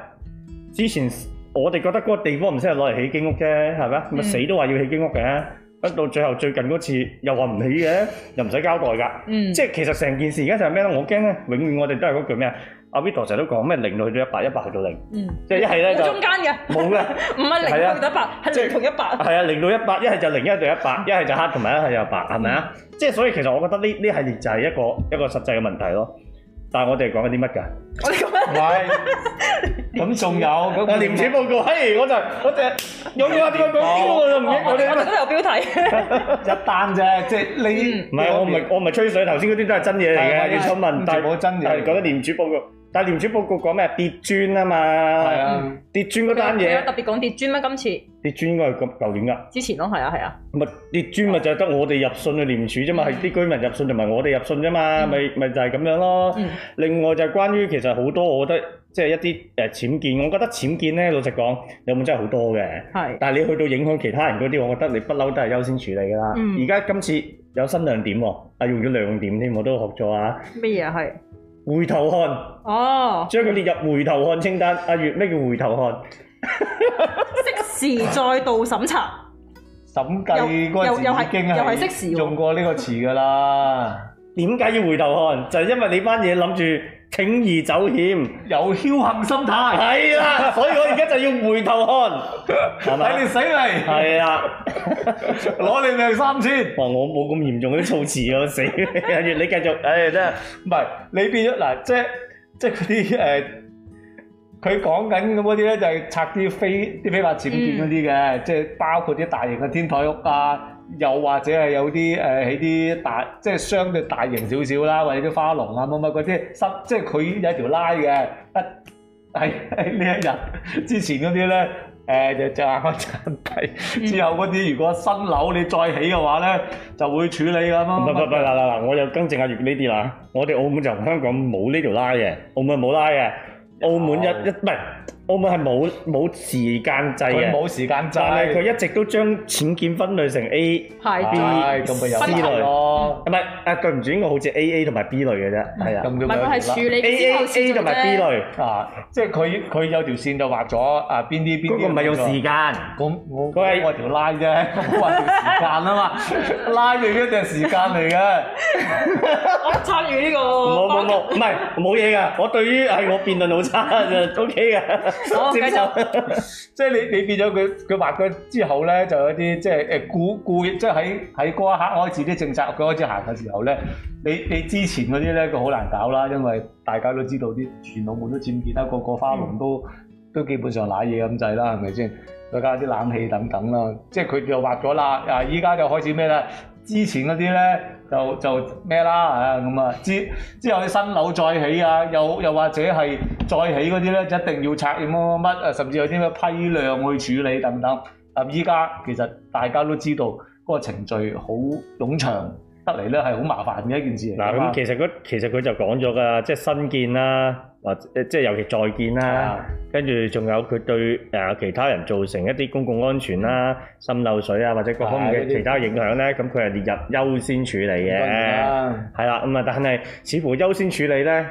Speaker 1: 之前。我哋覺得嗰個地方唔識係攞嚟起經屋啫，係咪啊？咪死都話要起經屋嘅，一到最後最近嗰次又話唔起嘅，又唔使交代㗎。嗯，即係其實成件事而家就係咩咧？我驚咧，永遠我哋都係嗰句咩啊？阿 Vito 成日都講咩零到去到一百，一百去到零。
Speaker 2: 嗯，即係一係咧就中間嘅，
Speaker 1: 冇嘅，唔係零去到一
Speaker 2: 百，係零同
Speaker 1: 一百。係啊，零到一百，一係就零，一就一百，一係就黑，同埋一係就白，係咪啊？即係所以其實我覺得呢呢系列就係一個一個實際嘅問題咯。但係我哋講緊啲乜噶？我
Speaker 2: 哋講咩？唔
Speaker 1: 係，咁仲有我廉署
Speaker 2: 報告，嘿！我就我就又要話佢表，我就唔記得我哋，我哋都有標題
Speaker 1: 一單啫，即係你唔係我唔係我唔係吹水，頭先嗰啲都係真嘢嚟嘅，要出問，但係講緊廉署報告。但係廉署報告講咩？跌磚啊嘛，啊跌磚嗰單嘢特
Speaker 2: 別講跌磚咩？今次
Speaker 1: 跌磚應該係舊年㗎，
Speaker 2: 之前咯，係啊係啊。
Speaker 1: 咪、啊、跌磚咪就係得我哋入信去廉署啫嘛，係啲、嗯、居民入信同埋我哋入信啫嘛，咪咪、嗯、就係、是、咁樣咯。嗯、另外就係關於其實好多，我覺得即係、就是、一啲誒僭建，我覺得僭建咧老實講有冇真係好多嘅。係
Speaker 2: 是，但係你去到
Speaker 1: 影響其他人嗰啲，我覺得你不嬲都係優先處理㗎啦。而家、嗯、今次有新亮點喎，啊用咗亮點添，我都學咗啊。
Speaker 2: 咩嘢係？
Speaker 1: 回頭看，
Speaker 2: 哦，
Speaker 1: 將佢列入回頭看清單。阿月咩叫回頭看？
Speaker 2: 即 時再度審查，
Speaker 1: 審計嗰陣時已經係用過呢個詞噶啦。點解 要回頭看？就係、是、因為你班嘢諗住。鋌而走險，有僥幸心態。係啊，所以我而家就要回頭看，睇你死未？係啊，攞你命三千。哇！我冇咁嚴重嗰啲措辭啊，死！跟住你繼續，唉，真係唔係你變咗嗱，即即嗰啲誒，佢講緊咁嗰啲咧，就係拆啲飛啲非法僭建嗰啲嘅，即包括啲大型嘅天台屋啊。又或者係有啲誒、呃、起啲大即係相對大型少少啦，或者啲花籠啊乜乜嗰啲，新即係佢有一條拉嘅，喺、哎、呢、哎哎、一日之前嗰啲咧誒就著眼去睇，之、嗯、後嗰啲如果新樓你再起嘅話咧，就會處理㗎嘛。唔嗱嗱嗱，嗯、我又更正阿月呢啲啦，我哋澳門就香港冇呢條拉嘅，澳門冇拉嘅，澳門，澳門一一唔係。嗯我咪係冇冇時間制嘅，冇時間制，但係佢一直都將錢件分類成
Speaker 2: A 派 B C 類，
Speaker 1: 唔係，誒，對唔住，應該好似 A A 同埋 B 類嘅啫，係啊，咁樣，A A 同埋 B 類啊，即係佢佢有條線就畫咗誒邊啲邊啲，嗰個唔係用時間，咁我佢係我條拉啫，我話時間啊嘛，拉住一定時間嚟嘅，
Speaker 2: 我參與呢個，
Speaker 1: 冇冇冇，唔係冇嘢噶，我對於係我辯論好差嘅，O K 嘅。好，即係你， 你變咗佢，佢挖佢之後咧，就有啲即係誒固固即係喺喺嗰一刻開始啲政策，佢開始行嘅時候咧，你你之前嗰啲咧，佢好難搞啦，因為大家都知道啲全統業都佔遍啦，個個花農都都基本上攋嘢咁滯啦，係咪先？再加啲冷氣等等啦，即係佢又挖咗啦，啊！依家就開始咩啦？之前嗰啲咧。就就咩啦嚇咁啊！之之後啲新樓再起啊，又又或者係再起嗰啲咧，就一定要拆咁乜啊，甚至有啲咩批量去處理等等。啊，依家其實大家都知道嗰個程序好冗長得嚟咧，係好麻煩嘅一件事。嗱，咁其實佢其實佢就講咗㗎，即係新建啦。或即係尤其再建啦，跟住仲有佢對誒其他人造成一啲公共安全啦、滲漏水啊，或者各方面嘅其他影響呢。咁佢係列入優先處理嘅，係啦的。咁啊，但係似乎優先處理呢，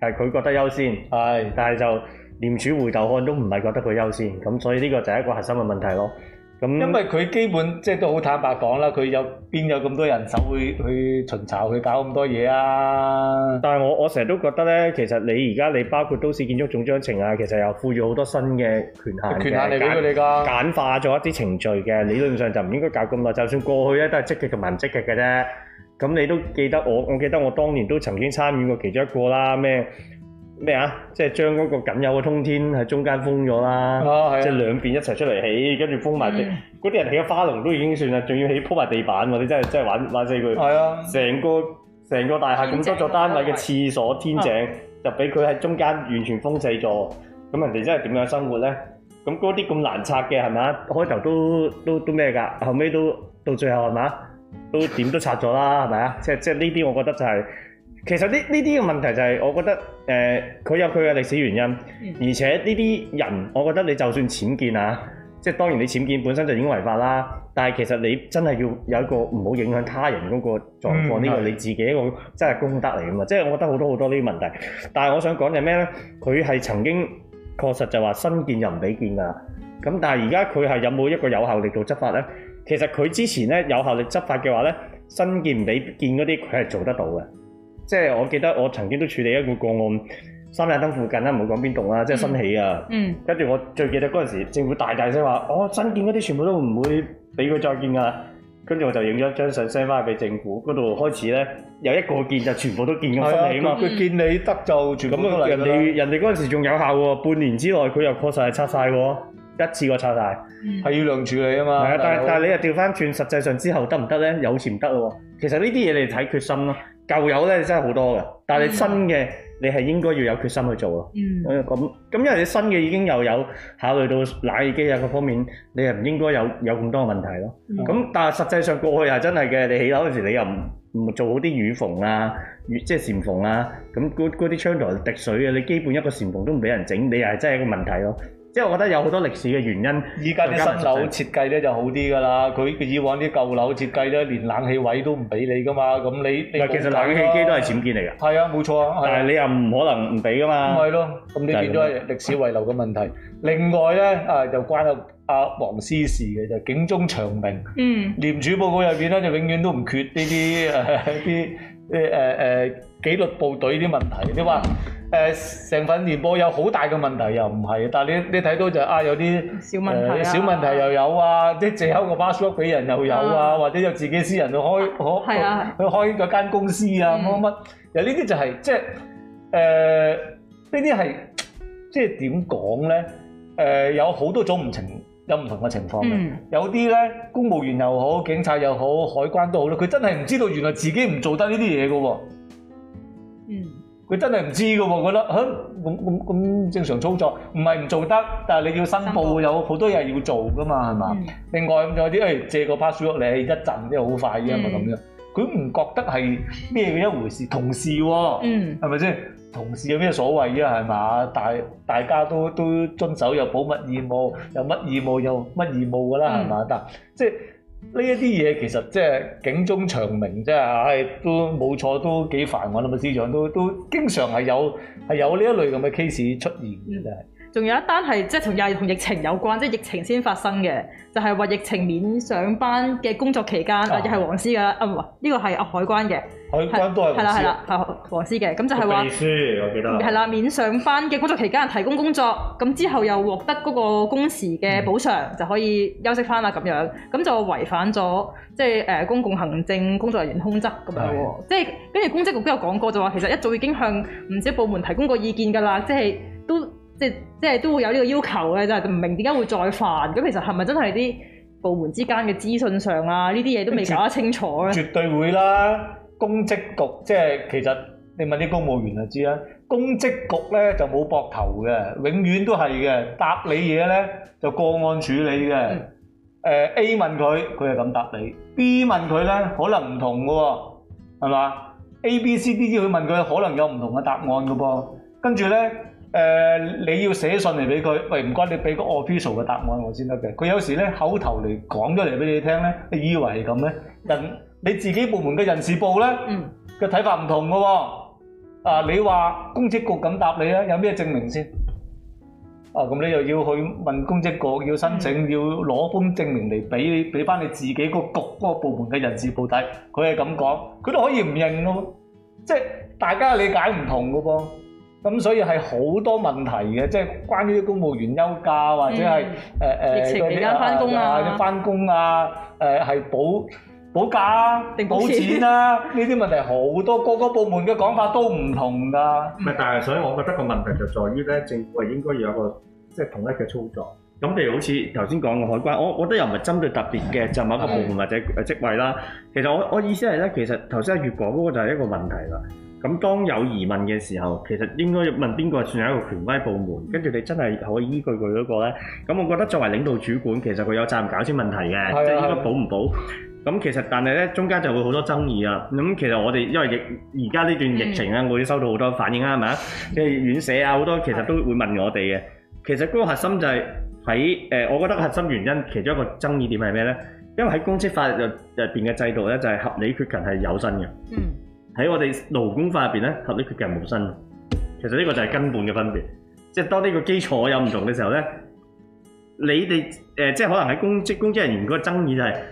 Speaker 1: 係佢覺得優先，係的，但係就廉署回頭看都唔係覺得佢優先，咁所以呢個就係一個核心嘅問題咯。因為佢基本即係都好坦白講啦，佢有邊有咁多人手會去巡查，去搞咁多嘢啊？但係我我成日都覺得咧，其實你而家你包括都市建築總章程啊，其實又賦予好多新嘅權限，權限嚟俾佢哋㗎，簡化咗一啲程序嘅理論上就唔應該搞咁耐。就算過去咧都係積極同埋唔積極嘅啫。咁你都記得我，我記得我當年都曾經參與過其中一個啦咩？咩啊？即係將嗰個僅有嘅通天喺中間封咗啦，即係兩邊一齊出嚟，起，跟住封埋啲嗰啲人哋起嘅花籠都已經算啦，仲要起鋪埋地板，我哋真係真係玩玩死佢。係啊，成個成個大廈咁多座單位嘅廁所天井就俾佢喺中間完全封死咗，咁人哋真係點樣生活咧？咁嗰啲咁難拆嘅係咪？開頭都都都咩㗎？後尾都到最後係咪？都點都拆咗啦，係咪啊？即係即係呢啲，我覺得就係。其實呢呢啲嘅問題就係、是，我覺得誒佢、呃、有佢嘅歷史原因，嗯、而且呢啲人，我覺得你就算僭建啊，即係當然你僭建本身就已經違法啦。但係其實你真係要有一個唔好影響他人嗰個狀況，呢、嗯、個你自己一個真係功德嚟㗎嘛。即係我覺得好多好多呢啲問題，但係我想講就係咩咧？佢係曾經確實就話新建又唔俾建㗎，咁但係而家佢係有冇一個有效力度執法咧？其實佢之前咧有效力執法嘅話咧，新建唔俾建嗰啲佢係做得到嘅。即係我記得我曾經都處理一個個案，三盞燈附近啦，唔好講邊棟啦，即係新起啊。嗯。跟住我最記得嗰陣時，政府大大聲話：，我、哦、新建嗰啲全部都唔會俾佢再建噶。跟住我就影咗張相 send 翻俾政府嗰度開始咧，有一個建就全部都建咗新起啊嘛。佢建、啊、你得就住咁啊！人哋人哋嗰陣時仲有效喎、啊，半年之內佢又確實係拆晒個，一次過拆晒，係、嗯、要量處理啊嘛。係啊，但係但係你又調翻轉，實際上之後得唔得咧？有錢得咯喎，其實呢啲嘢你睇決心咯。舊友咧，真係好多嘅，但係你新嘅你係應該要有決心去做咯。咁咁、嗯、因為你新嘅已經又有考慮到冷氣機啊各方面，你係唔應該有有咁多問題咯。咁、嗯、但係實際上過去啊真係嘅，你起樓嗰時你又唔做好啲雨篷啊，雨即係簷篷啊，咁嗰啲窗台滴水啊，你基本一個簷篷都唔俾人整，你又係真係一個問題咯。因為我覺得有好多歷史嘅原因，依家啲新樓設計咧就好啲㗎啦。佢以往啲舊樓設計咧，連冷氣位都唔俾你㗎嘛。咁你唔係其實冷氣機都係僭建嚟㗎。係啊，冇錯啊。但係你又唔可能唔俾㗎嘛。係咯。咁你變咗係歷史遺留嘅問題。另外咧，係就關阿阿王思事嘅啫。警鐘長鳴。嗯。廉署報告入邊咧，就永遠都唔缺呢啲誒啲啲誒誒紀律部隊啲問題。你話？誒成、呃、份年報有好大嘅問題又唔係，但係你你睇到就啊有啲小問題、啊呃、小問題又有啊，即係借口個巴 u s b 俾人又有啊，啊或者有自己私人去開，去開嗰間公司啊，乜乜，有呢啲就係即係誒呢啲係即係點講咧？誒有好多種唔情，有唔同嘅情況嘅，嗯、有啲咧公務員又好，警察又好，海關都好，佢真係唔知道原來自己唔做得呢啲嘢嘅喎。嗯。佢真係唔知㗎喎，覺得嚇咁咁咁正常操作，唔係唔做得，但係你要申報有好多嘢要做㗎嘛，係嘛？另外咁仲有啲誒借個 password 你一陣，因為好快嘅嘛咁樣，佢唔覺得係咩嘅一回事，同事喎，係咪先？同事有咩所謂啊？係嘛？大大家都都遵守有保密義務，有乜義務又乜義務㗎啦，係嘛？嗱，即係。呢一啲嘢其實即係警鐘長鳴，即係都冇錯，都幾煩我啦，司長都都經常係有係有呢一類咁嘅 case 出現。嗯
Speaker 2: 仲有一單係即係同又同疫情有關，即係疫情先發生嘅，就係、是、話疫情免上班嘅工作期間，又係、啊、黃絲噶，啊、嗯、呢、呢個係啊海關嘅，海關都係黃絲，係啦係啦，啊黃絲嘅，咁就係話，
Speaker 1: 係啦
Speaker 2: 免上班嘅工作期間提供工作，咁之後又獲得嗰個工時嘅補償，嗯、就可以休息翻啦咁樣，咁就違反咗即係誒公共行政工作人員通則咁樣喎，即係跟住公職局都有講過，就話其實一早已經向唔少部門提供過意見噶啦，即係。嗯。即係都會有呢個要求嘅，就係唔明點解會再犯咁，其實係咪真係啲部門之間嘅資訊上啊呢啲嘢都未搞得清楚咧？絕
Speaker 1: 對會啦，公職局即係其實你問啲公務員就知啦。公職局呢就冇膊頭嘅，永遠都係嘅答你嘢呢，就個案處理嘅。誒、嗯呃、A 問佢，佢係咁答你；B 問佢呢，可能唔同嘅喎，係嘛？A、B、C、D 之類問佢，可能有唔同嘅答案嘅噃。跟住呢。誒、呃，你要寫信嚟俾佢，喂，唔該，你俾個 official 嘅答案我先得嘅。佢有時咧，口頭嚟講咗嚟俾你聽咧，你以為係咁咧？人你自己部門嘅人事部咧嘅睇法唔同㗎喎、哦。啊，你話公職局咁答你咧，有咩證明先？啊，咁你又要去問公職局，要申請，嗯、要攞封證明嚟俾，俾翻你自己個局嗰個部門嘅人事部睇，佢係咁講，佢都可以唔認咯，即係大家理解唔同㗎噃、哦。咁所以係好多問題嘅，即係關於啲公務員休假或者係疫情嗰啲啊，或者翻工啊，誒係補補假啊，補、啊啊啊啊、錢啊，呢啲問題好多，個個部門嘅講法都唔同㗎。唔、嗯、 但係所以我覺得個問題就在於咧，政府係應該要有一個即係、就是、統一嘅操作。咁譬、嗯、如好似頭先講嘅海關，我我覺得又唔係針對特別嘅就某一個部門或者誒職位啦、嗯。其實我我意思係咧，其實頭先越講嗰個就係一個問題啦。咁當有疑問嘅時候，其實應該問邊個算係一個權威部門，跟住你真係可以依據佢嗰個咧。咁我覺得作為領導主管，其實佢有責任搞清問題嘅，即係應該補唔補。咁其實但係咧，中間就會好多爭議啊。咁其實我哋因為疫而家呢段疫情咧，我哋收到好多反應啊，係咪啊？即係院舍啊，好多其實都會問我哋嘅。其實嗰個核心就係喺誒，我覺得核心原因其中一個爭議點係咩咧？因為喺公職法入邊嘅制度咧，就係合理缺勤係有薪嘅。嗯。喺我哋勞工法入邊咧，合理缺勤係無薪。其實呢個就係根本嘅分別，即係當呢個基礎有唔同嘅時候咧， 你哋誒、呃、即係可能喺公職公職人員嗰個爭議就係、是，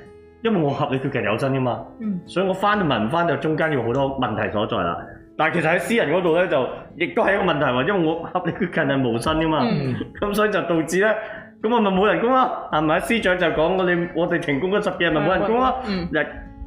Speaker 1: 因為我合理缺勤有薪噶嘛，嗯、所以我翻問翻就中間要有好多問題所在啦。但係其實喺私人嗰度咧就亦都係一個問題喎，因為我合理缺勤係無薪噶嘛，咁、嗯、所以就導致咧，咁我咪冇人工咯、啊，係咪？司長就講我哋我哋停工嗰十幾日咪冇人工咯，日嗰、嗯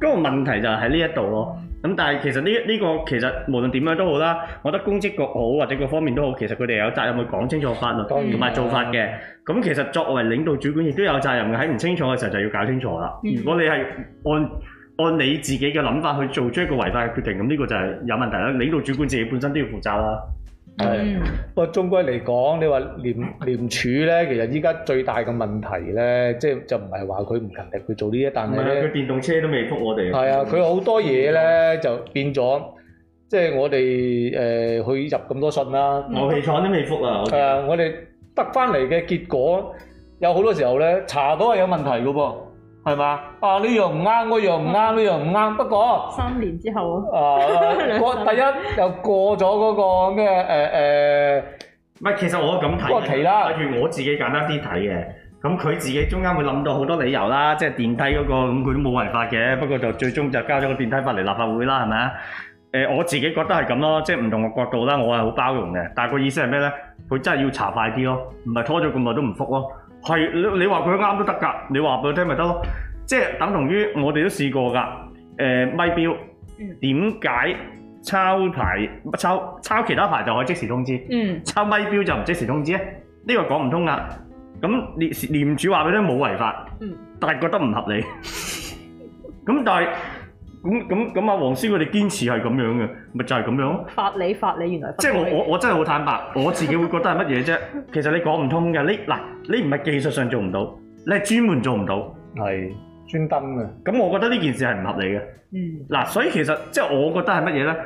Speaker 1: 嗯、個問題就喺呢一度咯。咁但係其實呢呢個其實無論點樣都好啦，我覺得公職局好或者各方面都好，其實佢哋有責任去講清楚法律同埋做法嘅。咁、嗯、其實作為領導主管亦都有責任嘅，喺唔清楚嘅時候就要搞清楚啦。如果你係按按你自己嘅諗法去做出一個違法嘅決定，咁呢個就係有問題啦。領導主管自己本身都要負責啦。係，不過、嗯、中歸嚟講，你話廉廉署咧，其實依家最大嘅問題咧，即係就唔係話佢唔勤力，去做呢一單嘢咧，佢、啊、電動車都未覆我哋。係、嗯、啊，佢好多嘢咧就變咗，即係我哋誒、呃、去入咁多信啦。我汽廠都未覆啊！誒，我哋得翻嚟嘅結果有好多時候咧，查到係有問題㗎噃。係嘛？啊呢樣唔啱，嗰、啊、樣唔啱，呢、啊、樣唔
Speaker 2: 啱。不過三年之後，誒過、啊、 第一
Speaker 1: 又過咗嗰、那個咩誒誒？唔、呃、係，其實我咁睇，過期啦。睇住我自己簡單啲睇嘅，咁佢自己中間會諗到好多理由啦，即係電梯嗰、那個咁，佢都冇違法嘅。不過就最終就交咗個電梯法嚟立法會啦，係咪啊？誒、呃，我自己覺得係咁咯，即係唔同個角度啦，我係好包容嘅。但係個意思係咩咧？佢真係要查快啲咯，唔係拖咗咁耐都唔覆咯。係你你話佢啱都得㗎，你話佢聽咪得咯，即係等同於我哋都試過㗎。誒、呃，米標點解抄牌抄抄其他牌就可以即時通知，嗯、抄咪標就唔即時通知咧？呢、這個講唔通㗎。咁連連主話佢都冇違法，嗯、但係覺得唔合理。咁 但係。咁咁咁啊，黃師佢哋堅持係咁樣嘅，咪就係咁樣。
Speaker 2: 法理法理，原來即係我我
Speaker 1: 我真係好坦白，我自己會覺得係乜嘢啫？ 其實你講唔通嘅，你嗱你唔係技術上做唔到，你係專門做唔到，係專登嘅。咁我覺得呢件事係唔合理嘅。嗱、嗯，所以其實即係我覺得呢、呃、係乜嘢咧？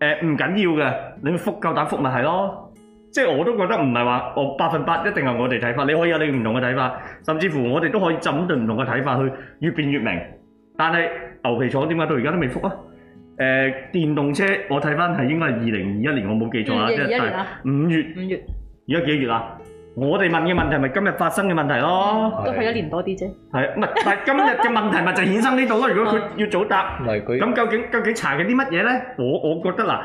Speaker 1: 誒唔緊要嘅，你覆夠膽，膽覆咪係咯。即係我都覺得唔係話我百分百一定係我哋睇法，你可以有你唔同嘅睇法，甚至乎我哋都可以針對唔同嘅睇法去越變越明。但係牛皮廠點解到而家都未覆啊？誒，電動車我睇翻係應該係二零二一年，我冇記錯啦，即係五月。五月。而家幾多月啊？我哋問嘅問題咪今日發生嘅問題咯。都係一年多啲啫。係，唔係，係今日嘅問題咪就衍生呢度咯？如果佢要早答，咁究竟究竟查嘅啲乜嘢咧？我我覺得嗱，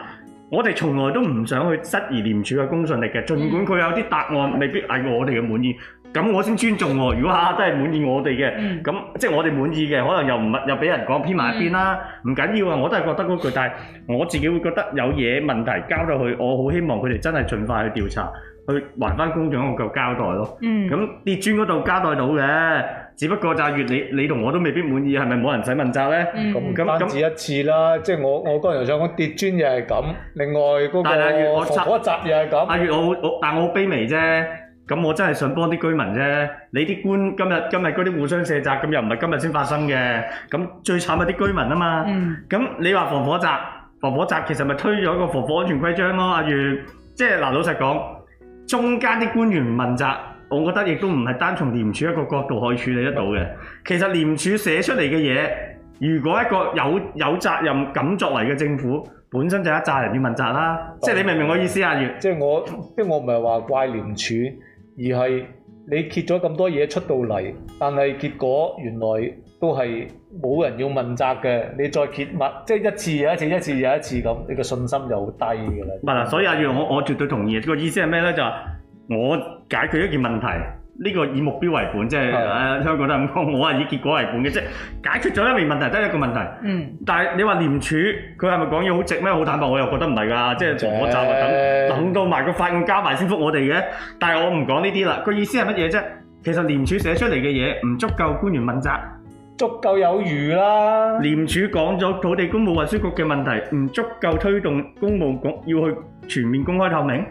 Speaker 1: 我哋從來都唔想去質疑廉署嘅公信力嘅，儘管佢有啲答案未必係我哋嘅滿意。咁我先尊重喎，如果下下都係滿意我哋嘅，咁即係我哋滿意嘅，可能又唔係又俾人講偏埋一邊啦，唔緊要啊，我都係覺得嗰句，但係我自己會覺得有嘢問題交到去，我好希望佢哋真係盡快去調查，去還翻公眾一個交代咯。咁跌磚嗰度交代到嘅，只不過就係月你你同我都未必滿意，係咪冇人使問責咧？咁唔單止一次啦，即係我我剛才想講跌磚又係咁，另外嗰個我我集又係咁。阿月我我但係我好卑微啫。咁我真係想幫啲居民啫，你啲官今日今日嗰啲互相卸責，咁又唔係今日先發生嘅，咁最慘係啲居民啊嘛。咁、嗯、你話防火閘，防火閘其實咪推咗一個防火安全規章咯，阿月。即係嗱，老實講，中間啲官員唔問責，我覺得亦都唔係單從廉署一個角度可以處理得到嘅。麼其實廉署寫出嚟嘅嘢，如果一個有有責任、敢作為嘅政府，本身就係一責任要問責啦對。即係你明唔明我意思？阿月，即係我，即係我唔係話怪廉署。而係你揭咗咁多嘢出到嚟，但係結果原來都係冇人要問責嘅。你再揭密，即係一,一,一次又一次、一次又一次咁，你個信心就好低㗎啦。唔係啦，所以阿耀吧、啊，我我絕對同意嘅。呢個意思係咩咧？就係、是、我解決一件問題。呢個以目標為本，即係誒香港都咁講，我係以結果為本嘅，即係解決咗一面問題，得一個問題。嗯。但係你話廉署佢係咪講嘢好直咩？好坦白，我又覺得唔係㗎，即係坐我閘，等等到埋個法案交埋先覆我哋嘅。但係我唔講呢啲啦，個意思係乜嘢啫？其實廉署寫出嚟嘅嘢唔足夠官員問責，足夠有餘啦。廉署講咗土地公務運輸局嘅問題，唔足夠推動公務局要去全面公開透明。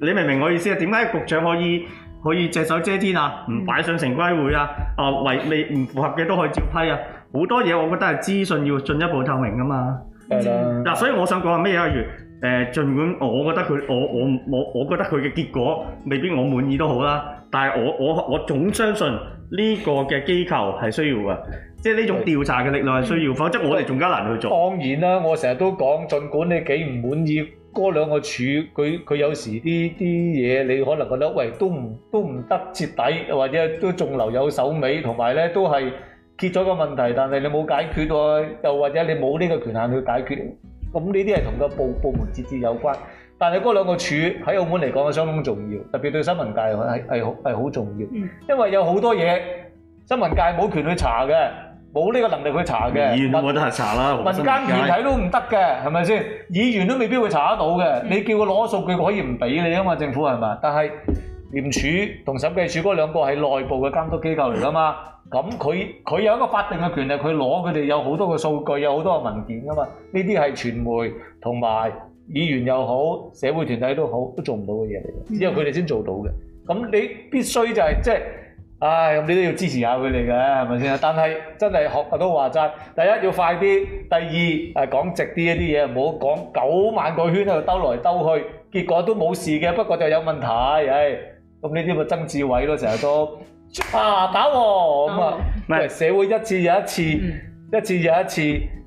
Speaker 1: 你明唔明我意思啊？點解局長可以？可以隻手遮天啊？唔擺上城規會啊？啊違未唔符合嘅都可以照批啊！好多嘢，我覺得係資訊要進一步透明㗎嘛。
Speaker 2: 嗱
Speaker 1: 的，所以我想講下咩啊，例如，儘管我覺得佢，我我我，我覺得佢嘅結果未必我滿意都好啦，但係我我我總相信呢個嘅機構係需要嘅，即係呢種調查嘅力量係需要，的否則我哋仲加難去做。當然啦，我成日都講，儘管你幾唔滿意。嗰兩個處，佢佢有時啲啲嘢，你可能覺得喂都唔都唔得徹底，或者都仲留有手尾，同埋咧都係揭咗個問題，但係你冇解決到，又或者你冇呢個權限去解決，咁呢啲係同個部部門設置有關。但係嗰兩個處喺澳門嚟講係相當重要，特別對新聞界係係係好重要，因為有好多嘢新聞界冇權去查嘅。冇呢個能力去查嘅，議員我都係查啦，民間團體都唔得嘅，係咪先？議員都未必會查得到嘅。你叫佢攞數據，佢可以唔俾你啊嘛？政府係咪？但係廉署同審計署嗰兩個係內部嘅監督機構嚟噶嘛？咁佢佢有一個法定嘅權力，佢攞佢哋有好多嘅數據，有好多嘅文件噶嘛？呢啲係傳媒同埋議員又好，社會團體都好，都做唔到嘅嘢嚟嘅，只有佢哋先做到嘅。咁你必須就係即係。唉，咁你都要支持下佢哋嘅，係咪先啊？但係真係學都話齋，第一要快啲，第二係講直啲一啲嘢，唔好講九萬個圈喺度兜來兜去，結果都冇事嘅，不過就有問題。誒，咁呢啲咪曾志偉咯，成日都出棚打喎。咁啊，社會一次又一次，一次又一次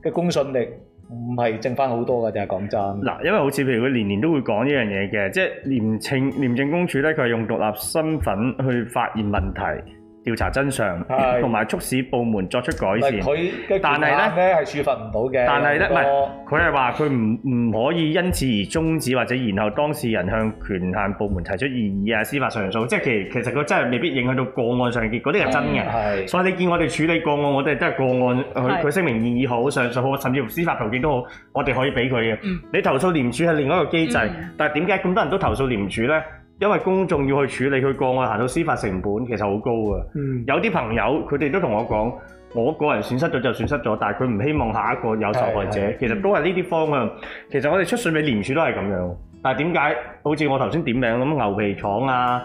Speaker 1: 嘅公信力。唔係剩翻好多㗎，淨係講真。嗱，因為好似譬如佢年年都會講呢樣嘢嘅，即係廉政廉政公署咧，佢係用獨立身份去發現問題。調查真相，同埋促使部門作出改善。佢是，但係呢係處罰唔到嘅。但係呢，唔係，佢係話佢唔唔可以因此而終止，或者然後當事人向權限部門提出異議啊、司法上訴，即係其其實佢真係未必影響到個案上嘅結果，呢個真嘅。嗯、所以你見我哋處理個案，我哋都係個案，佢佢聲明異議好、上訴好，甚至司法途徑都好，我哋可以俾佢嘅。嗯、你投訴廉署係另一個機制，嗯、但係點解咁多人都投訴廉署呢？因為公眾要去處理佢個案行到司法成本其實好高嘅，有啲朋友佢哋都同我講，我個人損失咗就損失咗，但係佢唔希望下一個有受害者，其實都係呢啲方向啊。其實我哋出水尾廉署都係咁樣，但係點解好似我頭先點名咁牛皮廠啊？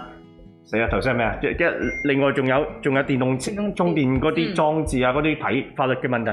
Speaker 1: 死啊，頭先係咩啊？即另外仲有仲有電動車充電嗰啲裝置啊，嗰啲體法律嘅問題，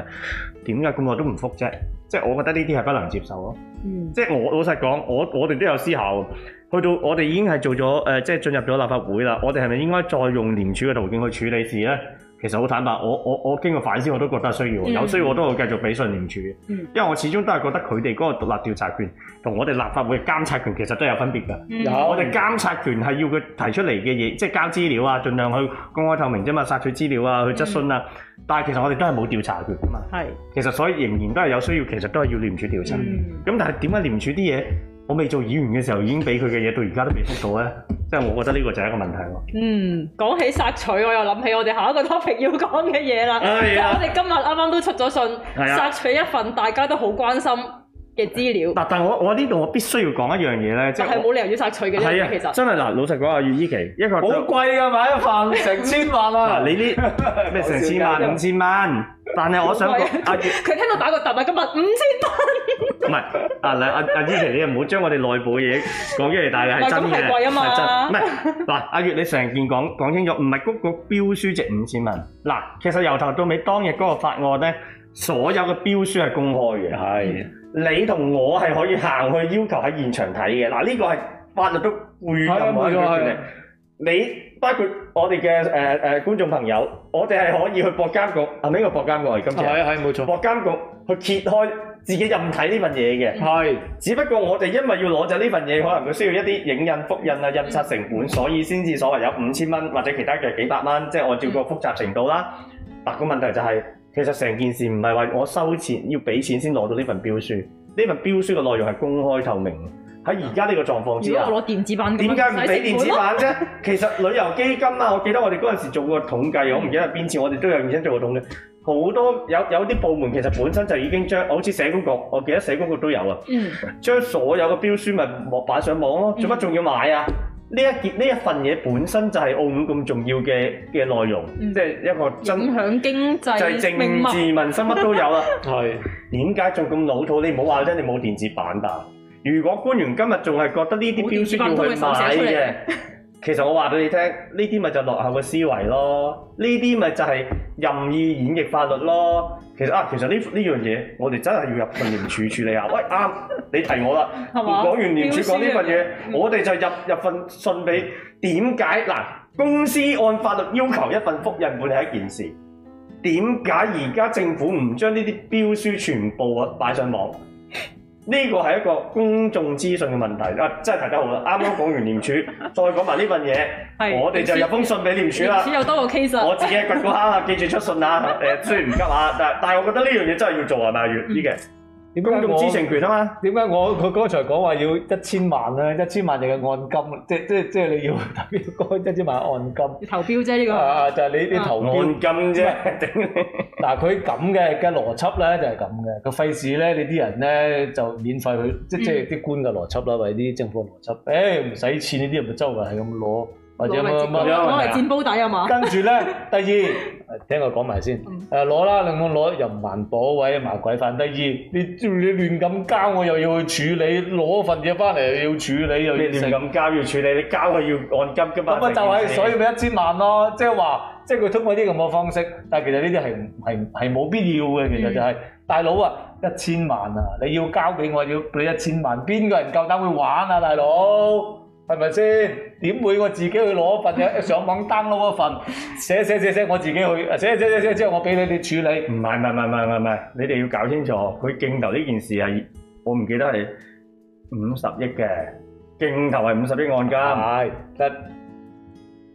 Speaker 1: 點解咁耐都唔覆啫？即係我覺得呢啲係不能接受咯。嗯，即係我老實講，我我哋都有思考，去到我哋已經係做咗誒，呃，即係進入咗立法會啦。我哋係咪應該再用廉署嘅途徑去處理事咧？其實好坦白，我我我經過反思，我都覺得需要有需要，我都會繼續俾信廉署嘅，因為我始終都係覺得佢哋嗰個獨立調查權同我哋立法會嘅監察權其實都有分別㗎。Mm hmm. 我哋監察權係要佢提出嚟嘅嘢，即係交資料啊，盡量去公開透明啫嘛，索取資料啊，去質詢啊。Mm hmm. 但係其實我哋都係冇調查權㗎嘛。係、mm，hmm. 其實所以仍然都係有需要，其實都係要廉署調查。咁、mm hmm. 但係點解廉署啲嘢？我未做議員嘅時候已經俾佢嘅嘢，到而家都未收到咧，即係我覺得呢個就係一個問題咯。嗯，
Speaker 2: 講起索取，我又諗起我哋下一個 topic 要講嘅嘢啦。哎、呀我哋今日啱啱都出咗信，索、哎、呀取一份，大家都好關心。嘅資料嗱，
Speaker 1: 但係我我呢度我必須要講一樣嘢咧，即係冇
Speaker 2: 理由要摘取嘅，係啊，其實
Speaker 1: 真係嗱，老實講阿月依琪一個好
Speaker 2: 貴㗎，買一份成千萬啊！你呢
Speaker 1: 咩成千萬五千萬？但
Speaker 2: 係我想講，阿月佢聽到打個突啊，今日五千
Speaker 1: 萬唔係啊，嗱阿阿依琪，你又唔好將我哋內部嘅嘢講出嚟，但係係真嘅，唔係咁係貴啊嘛，係真，唔係嗱，阿月你成件講講清楚，唔係嗰個標書值五千萬嗱，其實由頭到尾當日嗰個法案咧，所有嘅標書係公開嘅，係。你同我係可以行去要求喺現場睇嘅，嗱呢個係法律都會有呢個權利。你包括我哋嘅誒誒觀眾朋友，我哋係可以去博監局，呢個博監局係今次係係冇錯，博監局去揭開自己任睇呢份嘢嘅。係，只不過我哋因為要攞著呢份嘢，可能佢需要一啲影印、複印啊、印刷成本，所以先至所謂有五千蚊或者其他嘅幾百蚊，即係按照個複雜程度啦。但個問題就係。其實成件事唔係話我收錢要俾錢先攞到呢份標書，呢份標書嘅內容係公開透明。喺而家呢個狀況之下，點解我攞
Speaker 2: 電子版？點解唔俾電子版啫？
Speaker 1: 其實旅遊基金啊，我記得我哋嗰陣時做過統計，我唔記得係邊次，我哋都有認真做過統計。好多有有啲部門其實本身就已經將，好似社工局，我記得社工局都有啊，將所有嘅標書咪擺上網咯，做乜仲要買啊？呢一件呢一份嘢本身就係澳門咁重要嘅嘅內容，嗯、即係一個影
Speaker 2: 響經濟，就係政治、民生乜命脈笑都有啦。
Speaker 1: 係點解仲咁老土？你唔好話真係冇電子版吧？如果官員今日仲係覺得呢啲標書要去買嘅。 其實我話俾你聽，呢啲咪就落後嘅思維咯，呢啲咪就係任意演繹法律咯。其實啊，其實呢呢樣嘢，我哋真係要入份廉署處理下。 喂，啱，你提我啦。講 完廉署講呢份嘢，我哋就入入份信俾點解嗱，公司按法律要求一份複印本係一件事，點解而家政府唔將呢啲標書全部啊擺上網？呢個係一個公眾資訊嘅問題，啊真係提得好，啱啱講完廉署， 再講埋呢份嘢， 是我哋就入封信俾廉署啦。 廉署
Speaker 2: 有多個 case，我自己一個個敲
Speaker 1: 啊， 記住出信啊。誒、呃，雖然唔急啊，但係但係我覺得呢樣嘢真係要做啊，大月呢嘅。 嗯公眾知情權啊嘛？點解我佢剛才講話要一千萬咧？一千萬就係按金，即即即係你要投標該一千萬按金。你投標啫呢個。啊！就係你你投標。按金啫，頂。嗱，佢咁嘅嘅邏輯咧就係咁嘅，個費事咧你啲人咧就免費去，嗯、即即啲官嘅邏輯啦，或者啲政府嘅邏輯，誒唔使錢呢啲人咪周圍係咁攞。或者乜乜攞嚟煎
Speaker 2: 煲底啊嘛？跟住
Speaker 1: 咧，第二聽我講埋先。誒攞啦，你冇攞又唔還保位，麻鬼煩第二，你你亂咁交，我又要去處理。攞份嘢翻嚟要處理，又要你亂咁交要處理。你交佢要按金噶嘛？咁啊就係，所以咪一千萬咯。即係話，即係佢通過啲咁嘅方式。但係其實呢啲係係係冇必要嘅。其實就係、是嗯、大佬啊，一千萬啊，你要交俾我你要俾一千萬，邊個人夠膽去玩啊，大佬、啊？大係咪先？點會我自己去攞份嘅？上網 download 份，寫寫寫寫，我自己去寫寫寫寫之後，我俾你哋處理。唔係唔係唔係唔係唔係，你哋要搞清楚，佢競投呢件事係我唔記得係五十億嘅競投係五十億按金。係，啊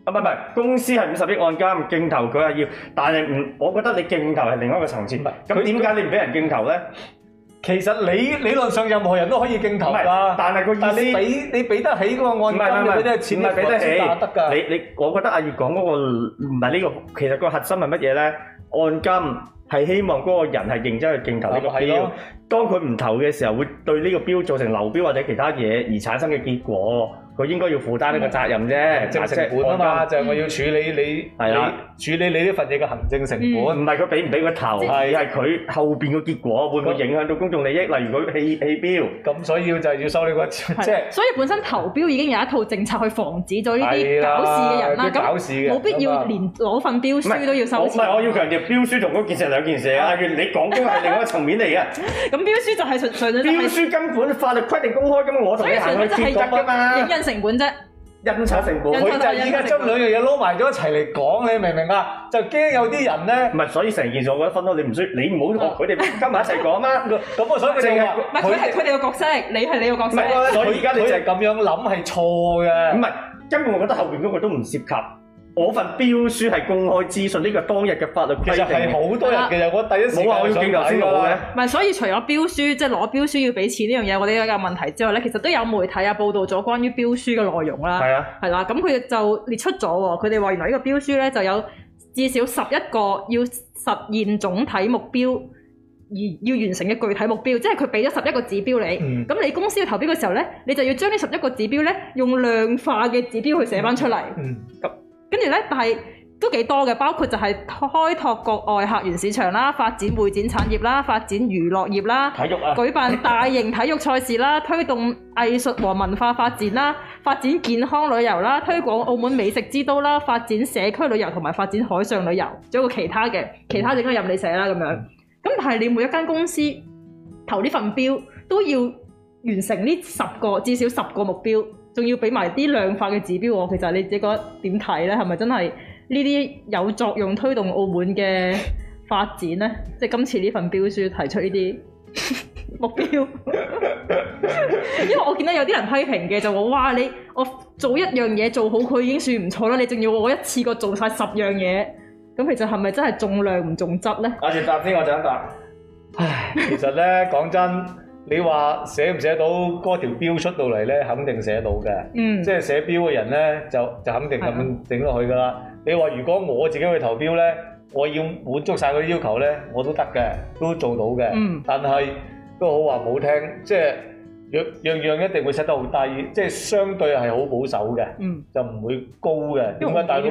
Speaker 1: 唔係唔係公司係五十億按金，競投佢係要，但係唔，我覺得你競投係另一個層次。唔係，咁點解你唔俾人競投咧？其實理理論上任何人都可以競投㗎，但係個意思，但係你你俾得起個按金嗰啲錢，唔係俾得起得㗎。 你你，我覺得阿月講嗰個唔係呢個，其實個核心係乜嘢咧？按金係希望嗰個人係認真去競投呢個標。嗯當佢唔投嘅時候，會對呢個標造成流標或者其他嘢而產生嘅結果，佢應該要負擔呢個責任啫，行政成本啊嘛，就係我要處理你，係啊，處理你呢份嘢嘅行政成本。唔係佢俾唔俾個頭，而係佢後邊嘅結果會唔會影響到公眾利益？例如佢棄棄標，咁所以要就係要收呢個，即係。
Speaker 2: 所以本身投標已經有一套政策去防止咗呢啲搞事嘅人啦。咁冇必要連攞份標書
Speaker 1: 都要收錢。唔係，我要強調標書同嗰件事係兩件事啊。阿你講嘅係另外一個層面嚟嘅。
Speaker 2: 標書就係純純粹、就是，標書根本法律規定公開噶嘛。我同你行去見得噶嘛？印成本啫，印刷成本。佢就而家將兩
Speaker 1: 樣嘢撈埋咗一齊嚟講，你明唔明啊？就驚有啲人咧。唔係、嗯，所以成件事我覺得分開，你唔需，你唔好同佢哋加埋
Speaker 2: 一齊講啦。咁啊，所以佢淨係，佢係佢哋嘅角色，你係你嘅角色。唔係，所以而家你
Speaker 1: 就係咁樣諗係錯嘅。唔係，根本我覺得後邊嗰個都唔涉及。我份標書係公開資訊，呢個當日嘅法律規定係好多人。嘅的。我第一時間想講嘅
Speaker 2: 唔係，所以除咗標書，即係攞標書要俾錢呢樣嘢，我哋有問題之外呢，其實都有媒體啊報道咗關於標書嘅內容啦。係啊的，係啦，咁佢就列出咗喎。佢哋話原來呢個標書呢就有至少十一個要實現總體目標而要完成嘅具體目標，即係佢俾咗十一個指標你。咁、嗯、你公司要投標嘅時候呢，你就要將呢十一個指標呢用量化嘅指標去寫翻出嚟、嗯。嗯，嗯跟住呢，但係都幾多嘅，包括就係開拓國外客源市場啦，發展會展產業啦，發展娛樂業啦，體育啊，舉辦大型體育賽事啦， 推動藝術和文化發展啦，發展健康旅遊啦，推廣澳門美食之都啦，發展社區旅遊同埋發展海上旅遊，仲有個其他嘅，其他就應該任你寫啦咁樣。咁但係你每一間公司投呢份標，都要完成呢十個至少十個目標。仲要俾埋啲量化嘅指標喎，其實你自己覺得點睇呢？係咪真係呢啲有作用推動澳門嘅發展呢？即係今次呢份標書提出呢啲目標，因為我見到有啲人批評嘅，就話：哇！你我做一樣嘢做好，佢已經算唔錯啦。你仲要我一次過做晒十樣嘢，咁其實係咪真係重量唔重質呢？我先答
Speaker 1: 先，我第一答。唉，其實呢，講真。你話寫唔寫到嗰條標出到嚟咧，肯定寫到嘅。嗯，即係寫標嘅人咧，就就肯定咁樣整落去㗎啦。你話如果我自己去投標咧，我要滿足晒嗰啲要求咧，我都得嘅，都做到嘅。嗯，但係都好話唔好聽，即係樣樣一定會寫得好低，即係相對係好保守嘅。嗯，就唔會高嘅。點解大佬，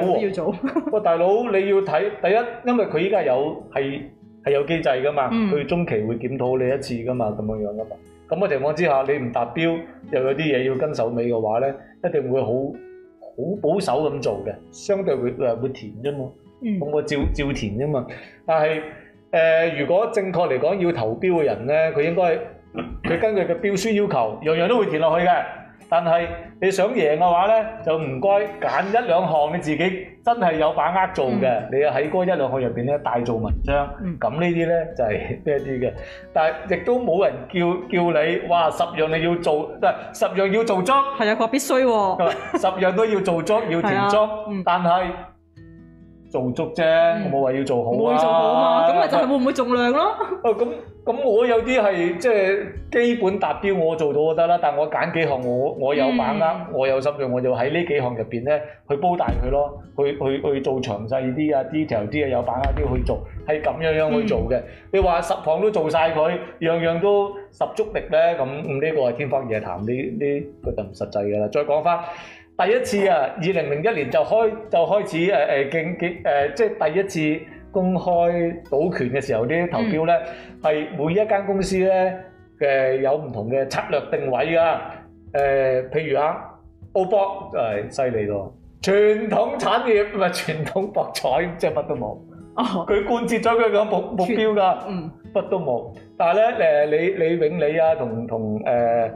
Speaker 1: 哇，大佬你要睇第一，因為佢依家有係。係有機制噶嘛，佢、嗯、中期會檢討你一次噶嘛，咁樣樣噶嘛。咁、那、嘅、個、情況之下，你唔達標又有啲嘢要跟手尾嘅話咧，一定會好好保守咁做嘅，相對會誒會填啫嘛，咁個、嗯、照照填啫嘛。但係誒、呃，如果正確嚟講要投標嘅人咧，佢應該佢根據嘅標書要求，樣樣都會填落去嘅。但係你想贏嘅話咧，就唔該揀一兩項你自己真係有把握做嘅，你喺嗰一兩項入邊咧，大做文章。咁呢啲咧就係呢啲嘅，但係亦都冇人叫叫你，哇，十樣你要做，唔、啊、係十樣要做足。係啊，個必須喎。十樣都要做足，要填足，嗯、但係做足啫，我冇話要做好啊。會做好啊嘛，咁咪就係會
Speaker 2: 唔會重量咯？哦咁、啊。
Speaker 1: 咁我有啲係即係基本達標，我做到就得啦。但我揀幾項，我我有把握，嗯、我有心力，我就喺呢幾項入邊咧，去煲大佢咯，去去去做詳細啲啊、detail 啲啊、有把握啲去做，係咁樣樣去做嘅。嗯、你話十項都做晒佢，樣樣都十足力咧，咁呢、嗯這個係天方夜譚，呢呢個就唔實際嘅啦。再講翻第一次啊，二零零一年就開就開始誒誒競結即係第一次，公開賭權嘅時候，啲投標咧係每一間公司咧嘅有唔同嘅策略定位啊。誒、呃，譬如啊，澳博就係犀利咯。傳統產業唔係傳統博彩，即係乜都冇。
Speaker 2: 佢貫徹
Speaker 1: 咗佢個目目標㗎。嗯，乜都冇。但係咧誒，你、呃、你永利啊，同同誒。呃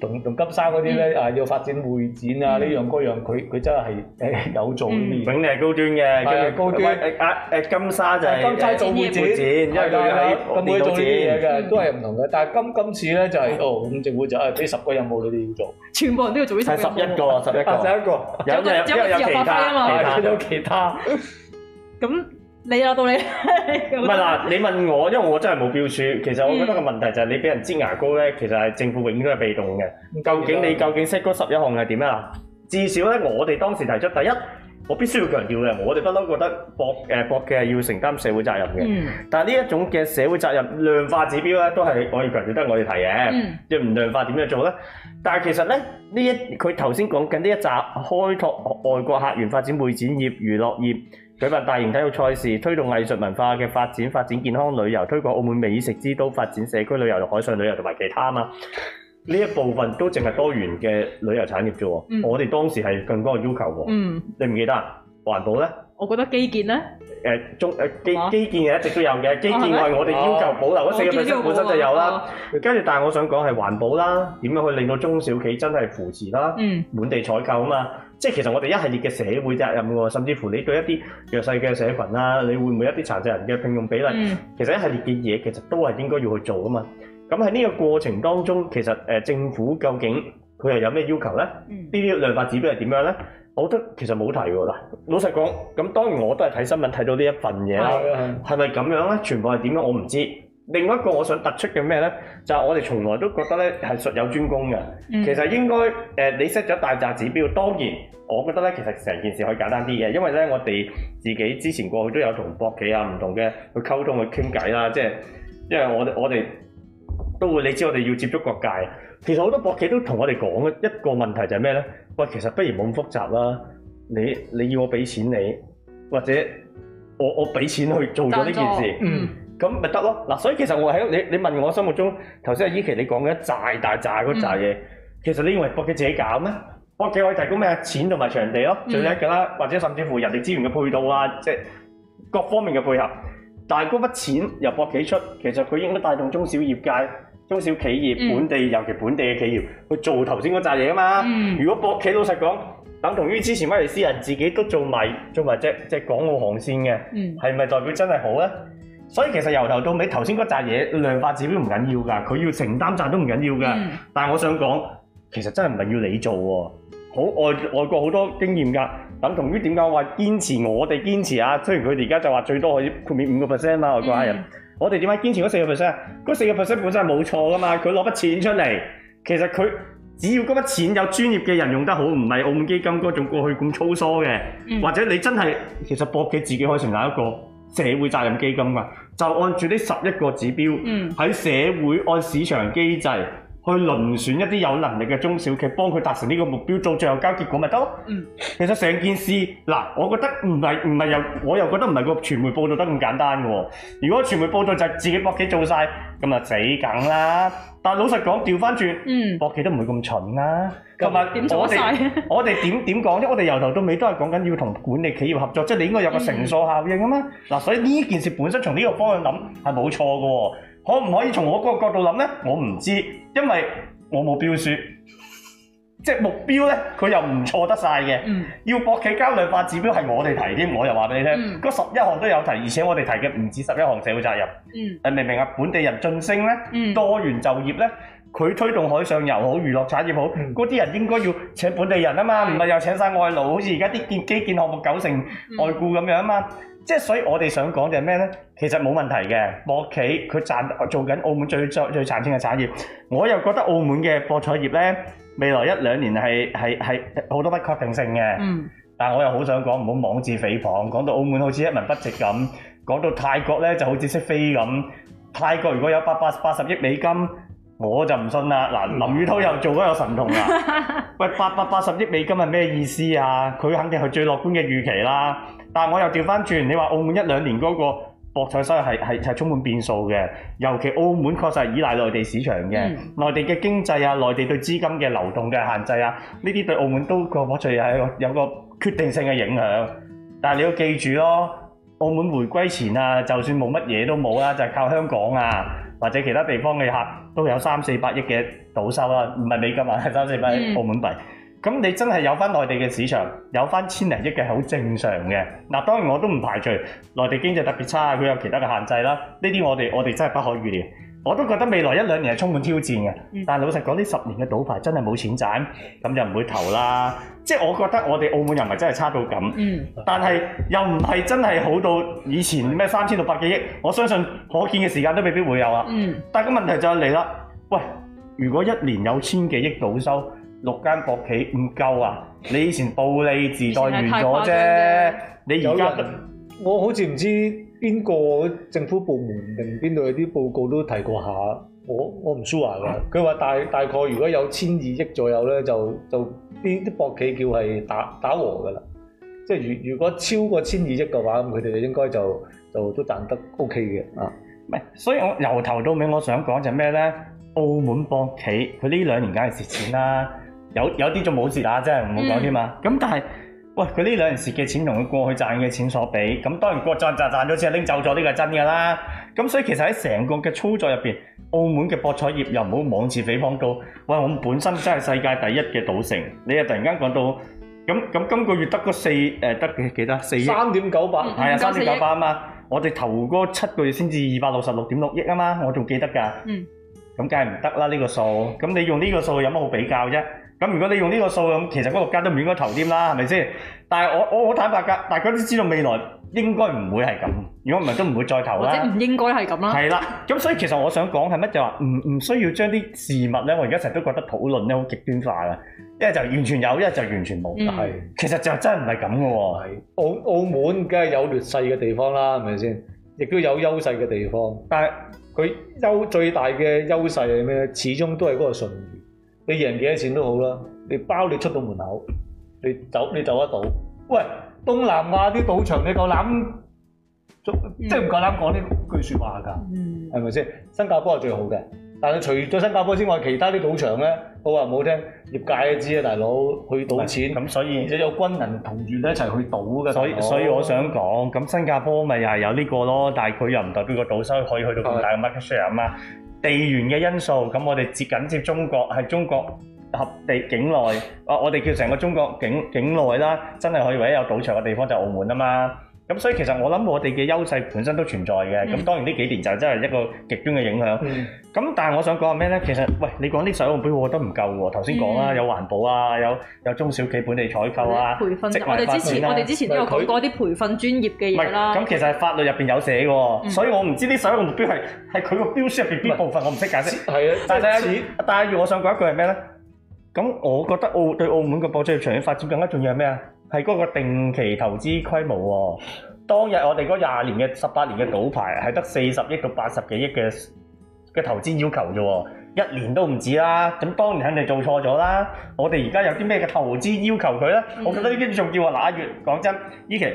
Speaker 1: 同同金沙嗰啲咧啊，要發展會展啊，呢樣嗰樣佢佢真係係有做呢啲，永利係高端嘅，佢係高端。阿金沙就係做會展，因為佢喺做呢啲嘢嘅，都係唔同嘅。但係今今次咧就係哦，咁政府就誒俾十個任務你哋要做，全部人都
Speaker 2: 要做啲嘢。十一個，十一個，十一
Speaker 1: 個，有有有其他啊嘛，出咗其他。
Speaker 2: 咁。你有道理唔係啦，你
Speaker 1: 問我，因為我真係冇標書。其實我覺得個問題就係你俾人擠牙膏咧，其實係政府永遠都係被動嘅。究竟你究竟識嗰十一項係點啊？至少咧，我哋當時提出第一，我必須要強調嘅，我哋不嬲覺得博誒博嘅係要承擔社會責任嘅。但係呢一種嘅社會責任量化指標咧，都係我要強調得我哋提嘅。嗯。即唔量化點樣做咧？但係其實咧，呢一佢頭先講緊呢一集開拓外國客源，發展會展業、娛樂業。舉辦大型體育賽事，推動藝術文化嘅發展；發展健康旅遊，推廣澳門美食之都，發展社區旅遊同海上旅遊同埋其他啊嘛。呢一部分都淨係多元嘅旅遊產業啫。嗯、我哋當時係更多要求。嗯。你唔記得環保咧？
Speaker 2: 我覺得基建咧？
Speaker 1: 誒、呃，中誒基基建係一直都有嘅，基建係我哋要求保留嗰四個 percent、哦、本身就有啦。跟住、哦，但係我想講係環保啦，點樣去令到中小企真係扶持啦？嗯。本地採購啊嘛。即係其實我哋一系列嘅社會責任喎，甚至乎你對一啲弱勢嘅社群啦，你會唔會一啲殘疾人嘅聘用比例，嗯、其實一系列嘅嘢其實都係應該要去做噶嘛。咁喺呢個過程當中，其實誒政府究竟佢又有咩要求咧？呢啲量化指標係點樣咧？我覺得其實冇提㗎啦。老實講，咁當然我都係睇新聞睇到呢一份嘢啦，係咪咁樣咧？全部係點樣、嗯、我唔知。另一個我想突出嘅咩呢，就係我哋從來都覺得呢係術有專攻嘅。其實應該誒，你 set 咗大紮指標，當然我覺得呢，其實成件事可以簡單啲嘅。因為呢，我哋自己之前過去都有同博企啊，唔同嘅去溝通去傾偈啦。即係因為我我哋都會，你知我哋要接觸各界。其實好多博企都同我哋講嘅一個問題就係咩呢？喂，其實不如冇咁複雜啦。你你要我俾錢你，或者我我俾錢去做咗呢件事。咁咪得咯。嗱，所以其實我喺你你問我心目中，頭先阿依琪你講嘅一紮大扎嗰扎嘢，其實你認為博企自己搞咩？博企可以提供咩？錢同埋場地咯，最叻要噶啦，或者甚至乎人力資源嘅配套啊，即係各方面嘅配合。但係嗰筆錢由博企出，其實佢應該帶動中小業界、中小企業、本地尤其本地嘅企業去做頭先嗰扎嘢啊嘛。如果博企老實講，等同於之前威尼斯人自己都做埋做埋即即港澳航線嘅，係咪代表真係好咧？所以其實由頭到尾頭先嗰扎嘢量化指標唔緊要㗎，佢要承擔責都唔緊要㗎。嗯、但係我想講，其實真係唔係要你做喎。好外外國好多經驗㗎，等同於點解話堅持我哋堅持啊。雖然佢哋而家就話最多可以豁免五個 percent 啦，外國人。嗯、我哋點解堅持嗰四個 percent？嗰四個 percent 本身係冇錯㗎嘛。佢攞筆錢出嚟，其實佢只要嗰筆錢有專業嘅人用得好，唔係澳門基金嗰種過去咁粗疏嘅，嗯、或者你真係其實博企自己可以承擔一個。社會責任基金㗎，就按住呢十一個指標喺、嗯、社會按市場機制。去輪選一啲有能力嘅中小企，幫佢達成呢個目標，做最後交結果咪得
Speaker 2: 咯？
Speaker 1: 嗯，其實成件事嗱，我覺得唔係唔係又，我又覺得唔係個傳媒報道得咁簡單嘅喎。如果傳媒報道就係自己博企做曬，咁啊死梗啦！但係老實講，調翻轉，博企都唔會咁蠢啦。琴日我哋我哋點點講啫？因為我哋由頭到尾都係講緊要同管理企業合作，即係你應該有個乘數效應啊嘛。嗱，所以呢件事本身從呢個方向諗係冇錯嘅喎。可唔可以從我嗰個角度諗咧？我唔知，因為我冇標書。即係目標咧，佢又唔錯得曬嘅。要博企交量化指標係我哋提添，我就話俾你聽，嗰十一項都有提，而且我哋提嘅唔止十一項社會責任。誒明唔明啊？本地人晉升咧，多元就業咧，佢推動海上遊好，娛樂產業好，嗰啲人應該要請本地人啊嘛，唔係又請曬外勞，好似而家啲建基建項目九成外僱咁樣啊嘛。即係所以，我哋想講就係咩呢？其實冇問題嘅，博企佢賺做緊澳門最最最賺錢嘅產業。我又覺得澳門嘅博彩業呢，未來一兩年係係係好多不確定性嘅。嗯。但係我又好想講唔好妄自菲薄，講到澳門好似一文不值咁，講到泰國呢就好似識飛咁。泰國如果有八百八十億美金，我就唔信啦。嗱，林宇滔又做嗰個神童啦。喂，八百八十億美金係咩意思啊？佢肯定係最樂觀嘅預期啦。但係我又調翻轉，你話澳門一兩年嗰個博彩收入係係係充滿變數嘅，尤其澳門確實係依賴內地市場嘅，內地嘅經濟啊，內地對資金嘅流動嘅限制啊，呢啲對澳門都個博彩係有個決定性嘅影響。但係你要記住咯，澳門回歸前啊，就算冇乜嘢都冇啦，就係靠香港啊或者其他地方嘅客都有三四百億嘅賭收啦，唔係美金啊，三四百億澳門幣。咁你真係有翻內地嘅市場，有翻千零億嘅係好正常嘅。嗱，當然我都唔排除內地經濟特別差，佢有其他嘅限制啦。呢啲我哋我哋真係不可預料。我都覺得未來一兩年係充滿挑戰嘅。但係老實講，呢十年嘅賭牌真係冇錢賺，咁就唔會投啦。即係我覺得我哋澳門又唔係真係差到咁，嗯、但係又唔係真係好到以前咩三千六百幾億。我相信可見嘅時間都未必會有啦。嗯、但係個問題就嚟啦，喂，如果一年有千幾億賭收，六間博企唔夠啊！你以前暴利時代完咗啫。你而家我好似唔知邊個政府部門定邊度有啲報告都提過下。我我唔 sure 啊。佢話、嗯、大大概如果有千二億左右咧，就就啲啲博企叫係打打和㗎啦。即係如如果超過千二億嘅話，咁佢哋應該就就都賺得 O K 嘅。啊，唔係，所以我由頭到尾我想講就係咩咧？澳門博企佢呢兩年梗係蝕錢啦。有有啲仲冇事啊，真係唔好講添啊！咁但係，喂，佢呢兩年蝕嘅錢同佢過去賺嘅錢所比，咁當然過賺賺賺咗錢拎走咗呢個真噶啦。咁所以其實喺成個嘅操作入邊，澳門嘅博彩業又唔好妄自菲薄到。喂，我本身真係世界第一嘅賭城，你又突然間講到咁咁，今個月得個四誒得幾幾多？四億？三點九八，係啊，三點九八啊嘛。我哋頭嗰七個月先至二百六十六點六億啊嘛，我仲記得㗎。嗯。咁梗係唔得啦呢個數，咁你用呢個數有乜好比較啫？咁如果你用呢個數咁，其實嗰六間都唔應該投啲啦，係咪先？但係我我好坦白噶，大家都知道未來應該唔會係咁，如果唔係都唔會再投啦。即唔
Speaker 2: 應該係咁啦。係啦，
Speaker 1: 咁所以其實我想講係乜就話，唔唔需要將啲事物咧，我而家成日都覺得討論咧好極端化啦，一係就完全有，一係就完全冇，係、嗯、其實就真係唔係咁噶喎。澳澳門梗係有劣勢嘅地方啦，係咪先？亦都有優勢嘅地方，但係佢優最大嘅優勢係咩？始終都係嗰個信譽。你贏幾多錢都好啦，你包你出到門口，你走你走得到。喂，東南亞啲賭場你夠膽，即係唔夠膽講呢句説話㗎，係咪先？新加坡係最好嘅，但係除咗新加坡之外，其他啲賭場咧，我話唔好聽，業界都知啦，大佬去賭錢咁，嗯嗯，所以而且有軍人同住你一齊去賭㗎。所以，哥所，以所以我想講，咁，嗯、新加坡咪又係有呢、這個咯，但係佢又唔代表個賭收可以去到咁大嘅 market share 啊嘛。地緣嘅因素，咁我哋接緊接中國，係中國合地境內，啊、我哋叫成個中國境境內啦，真係可以唯一有賭場嘅地方就係、是、澳門啊嘛。咁所以其實我諗我哋嘅優勢本身都存在嘅，咁當然呢幾年就真係一個極端嘅影響。咁但係我想講係咩咧？其實，喂，你講啲首項目標我都唔夠喎。頭先講啦，有環保啊，有有中小企本地採購啊，培訓。我哋之前我哋之前都有講過
Speaker 2: 啲培訓專業嘅嘢啦。咁其
Speaker 1: 實法律入邊有寫嘅，所以我唔知啲首項目標係係佢個標書入邊邊部分我唔識解釋。係啊，即係錢。但係，我想講一句係咩咧？咁我覺得澳對澳門嘅博彩業長遠發展更加重要係咩啊？係嗰個定期投資規模喎、哦，當日我哋嗰廿年嘅十八年嘅賭牌係得四十億到八十幾億嘅嘅投資要求啫喎、哦，一年都唔止啦，咁當年肯定做錯咗啦。我哋而家有啲咩嘅投資要求佢咧？Mm hmm. 我覺得呢啲仲叫話揦月。講真，依期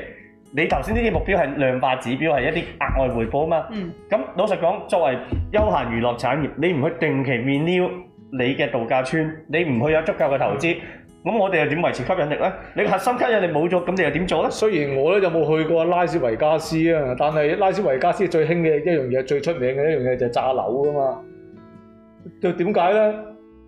Speaker 1: 你頭先呢啲目標係量化指標，係一啲額外回報啊嘛。咁、mm hmm. 老實講，作為休閒娛樂產業，你唔去定期 maintain 你嘅度假村，你唔去有足夠嘅投資。Mm hmm. 咁我哋又點維持吸引力咧？你核心吸引力冇咗，咁你又點做咧？雖然我咧就冇去過拉斯維加斯啊，但係拉斯維加斯最興嘅一樣嘢、最出名嘅一樣嘢就係炸樓噶嘛。就點解咧？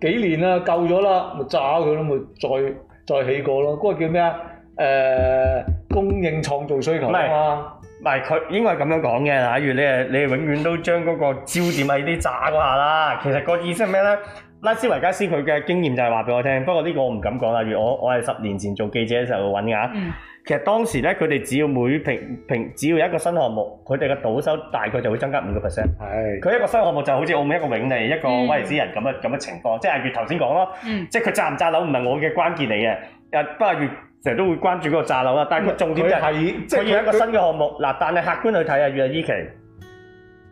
Speaker 1: 幾年啊，夠咗啦，咪炸佢咯，咪再再起過咯。嗰個叫咩啊？誒，供應創造需求啊嘛。唔係佢應該係咁樣講嘅。假如你係你係永遠都將嗰個焦點喺啲炸嗰下啦，其實個意思係咩咧？拉斯維加斯佢嘅經驗就係話俾我聽，不過呢個我唔敢講啦。如我我係十年前做記者嘅時候揾噶，嗯、其實當時咧佢哋只要每平平只要有一個新項目，佢哋嘅賭收大概就會增加五個 percent。係佢是一個新項目就好似澳門一個永利、一個威、嗯、尼斯人咁嘅咁嘅情況，即係月頭先講咯。嗯、即係佢炸唔炸樓唔係我嘅關鍵嚟嘅。誒，不過月成日都會關注嗰個炸樓啦。但係佢重點就係佢要一個新嘅項目。嗱，但係客觀去睇下，月阿伊奇。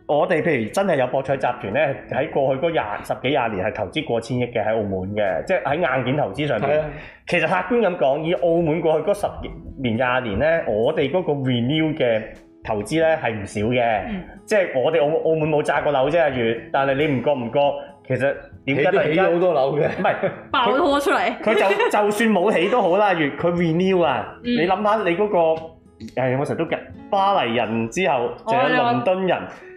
Speaker 1: 我哋譬如真係有博彩集團咧，喺過去嗰廿十幾廿年係投資過千億嘅喺澳門嘅，即係喺硬件投資上邊。其實客觀咁講，以澳門過去嗰十年廿年咧，我哋嗰個 renew 嘅投資咧係唔少嘅。即係我哋澳澳門冇炸過樓啫，阿月但係你唔覺唔覺？其實點解起咗好多樓嘅，唔係爆咗
Speaker 2: 出嚟。佢就就
Speaker 1: 算冇起都好啦，月佢 renew 啊。你諗下，你嗰個誒，我成日都講巴黎人之後，仲有倫敦人，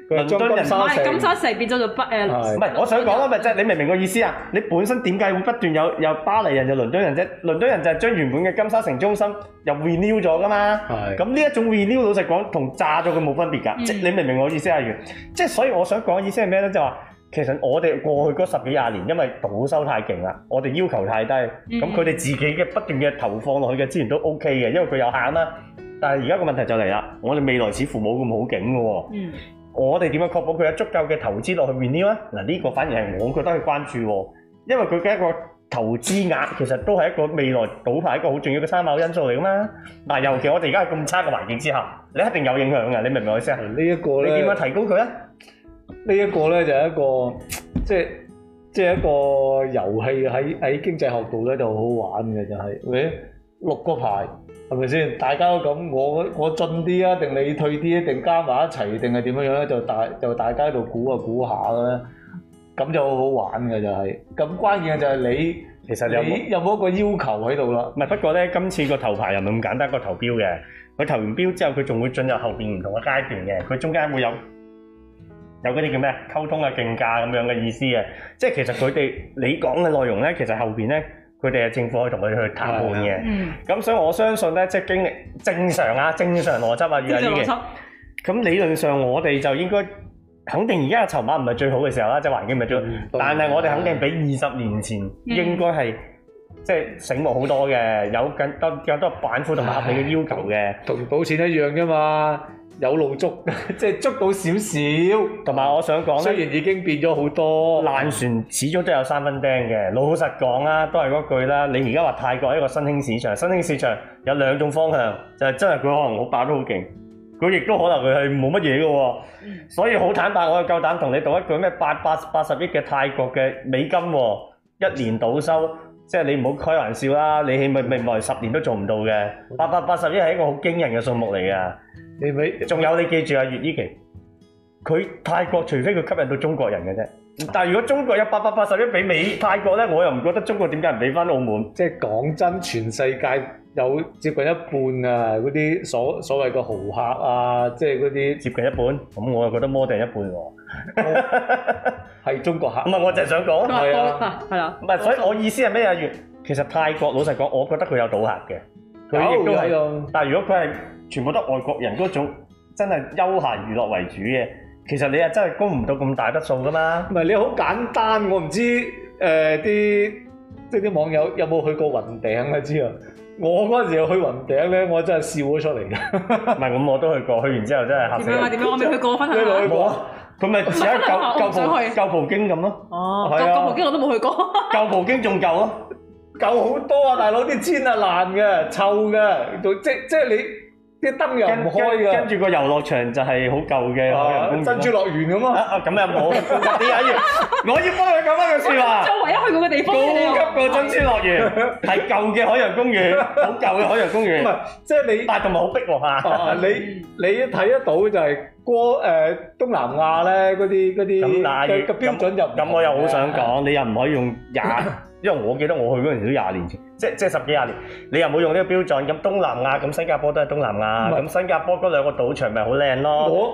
Speaker 1: 倫敦人金，金沙
Speaker 2: 城變咗做北歐。唔、呃、係是，我想
Speaker 1: 講咪，即係、嗯、你明唔明個意思啊？你本身點解會不斷有有巴黎人又倫敦人啫？倫敦人就係將原本嘅金沙城中心又 renew 咗噶嘛。係是。咁呢一種 renew 老實講同炸咗佢冇分別㗎，即是你明唔明我意思啊？源、嗯，即係所以我想講嘅意思係咩咧？就話其實我哋過去嗰十幾廿年，因為賭收太勁啦，我哋要求太低，咁佢哋自己嘅不斷嘅投放落去嘅資源都 OK 嘅，因為佢有限啦。但係而家個問題就嚟啦，我哋未來似乎冇咁好景㗎喎。嗯。我哋點樣確保佢有足夠嘅投資落去面呢？嗱，呢個反而係我覺得去關注喎，因為佢嘅一個投資額其實都係一個未來賭牌一個好重要嘅參考因素嚟嘅嘛。嗱，尤其我哋而家喺咁差嘅環境之下，你一定有影響㗎，你明唔明我意思啊？呢一個咧，你點樣提高佢啊？呢一個咧就係一個即係即係一個遊戲喺喺經濟學度咧就好好玩嘅就係誒六個牌。係咪先？大家都咁，我我進啲啊，定你退啲啊，定加埋一齊，定係點樣樣咧？就大就大家喺度估啊，估下嘅，咁就好好玩嘅就係。咁關鍵嘅就係你，其實你有冇一個要求喺度啦？唔係，不過咧，今次個頭牌又唔係咁簡單，個投標嘅。佢投完標之後，佢仲會進入後邊唔同嘅階段嘅。佢中間會有有嗰啲叫咩？溝通啊、競價咁樣嘅意思嘅。即係其實佢哋你講嘅內容咧，其實後邊咧。佢哋係政府可以同佢哋去談判嘅，咁 所以我相信咧，即係經歷正常啊，正常邏輯啊，預期嘅。咁理論上我哋就應該肯定而家嘅籌碼唔係最好嘅時候啦，即係環境唔係最好，嗯、但係我哋肯定比二十年前應該係、嗯、即係醒目好多嘅，有更多有多板斧同埋合理嘅要求嘅，同保險一樣啫嘛。有路捉，即 係捉到少少。同埋我想講，雖然已經變咗好多，嗯、爛船始終都有三分釘嘅。老實講啦，都係嗰句啦。你而家話泰國一個新興市場，新興市場有兩種方向，就係、是、真係佢可能好爆都好勁，佢亦都可能佢係冇乜嘢嘅喎。所以好坦白，我就夠膽同你讀一句咩？八百八十億嘅泰國嘅美金喎，一年賭收。即係你唔好開玩笑啦，你係咪未來十年都做唔到嘅，八百八十億係一個好驚人嘅數目嚟嘅。你仲有你記住啊，越伊琪，佢泰國除非佢吸引到中國人嘅啫。但係如果中國有八百八十億俾美泰國咧，我又唔覺得中國點解唔俾翻澳門？即係講真，全世界有接近一半啊，嗰啲所所謂嘅豪客啊，即係嗰啲接近一半，咁我又覺得摩地一半喎，係中國客。唔係，我淨係想講，係啊，係啊，唔係，所以我意思係咩啊？月其實泰國老實講，我覺得佢有賭客嘅，佢亦都係。但係如果佢係全部都外國人嗰種真係休閒娛樂為主嘅。其實你又真係供唔到咁大筆數噶嘛？唔係你好簡單，我唔知誒啲、呃、即係啲網友有冇去過雲頂啊？知啊！我嗰陣時去雲頂咧，我真係笑咗出嚟嘅。 唔係咁，我都去過，去完之後真係嚇死。點樣、點樣啊、我未去過分你去過？佢咪似啊？舊舊葡舊葡京咁咯。哦。舊舊葡京我都冇去過。舊葡京仲舊， 舊，舊啊！舊好多啊，大佬啲煎啊爛嘅、臭嘅，即即係你。啲燈又唔開嘅，跟住個遊樂場就係好舊嘅海洋公園，珍珠樂園咁咯。咁又冇，點解要？我要幫你講翻件事嘛。作為一去嗰個地方，高級嘅珍珠樂園係舊嘅海洋公園，好舊嘅海洋公園。唔係，即係你，但係同埋好逼喎嚇。你你睇得到就係過誒東南亞咧嗰啲嗰啲嘅標準入。咁我又好想講，你又唔可以用廿，因為我記得我去嗰陣時都廿年前。即即十幾廿年，你又冇用呢個標準。咁東南亞，咁新加坡都係東南亞。咁是新加坡嗰兩個賭場咪好靚咯。我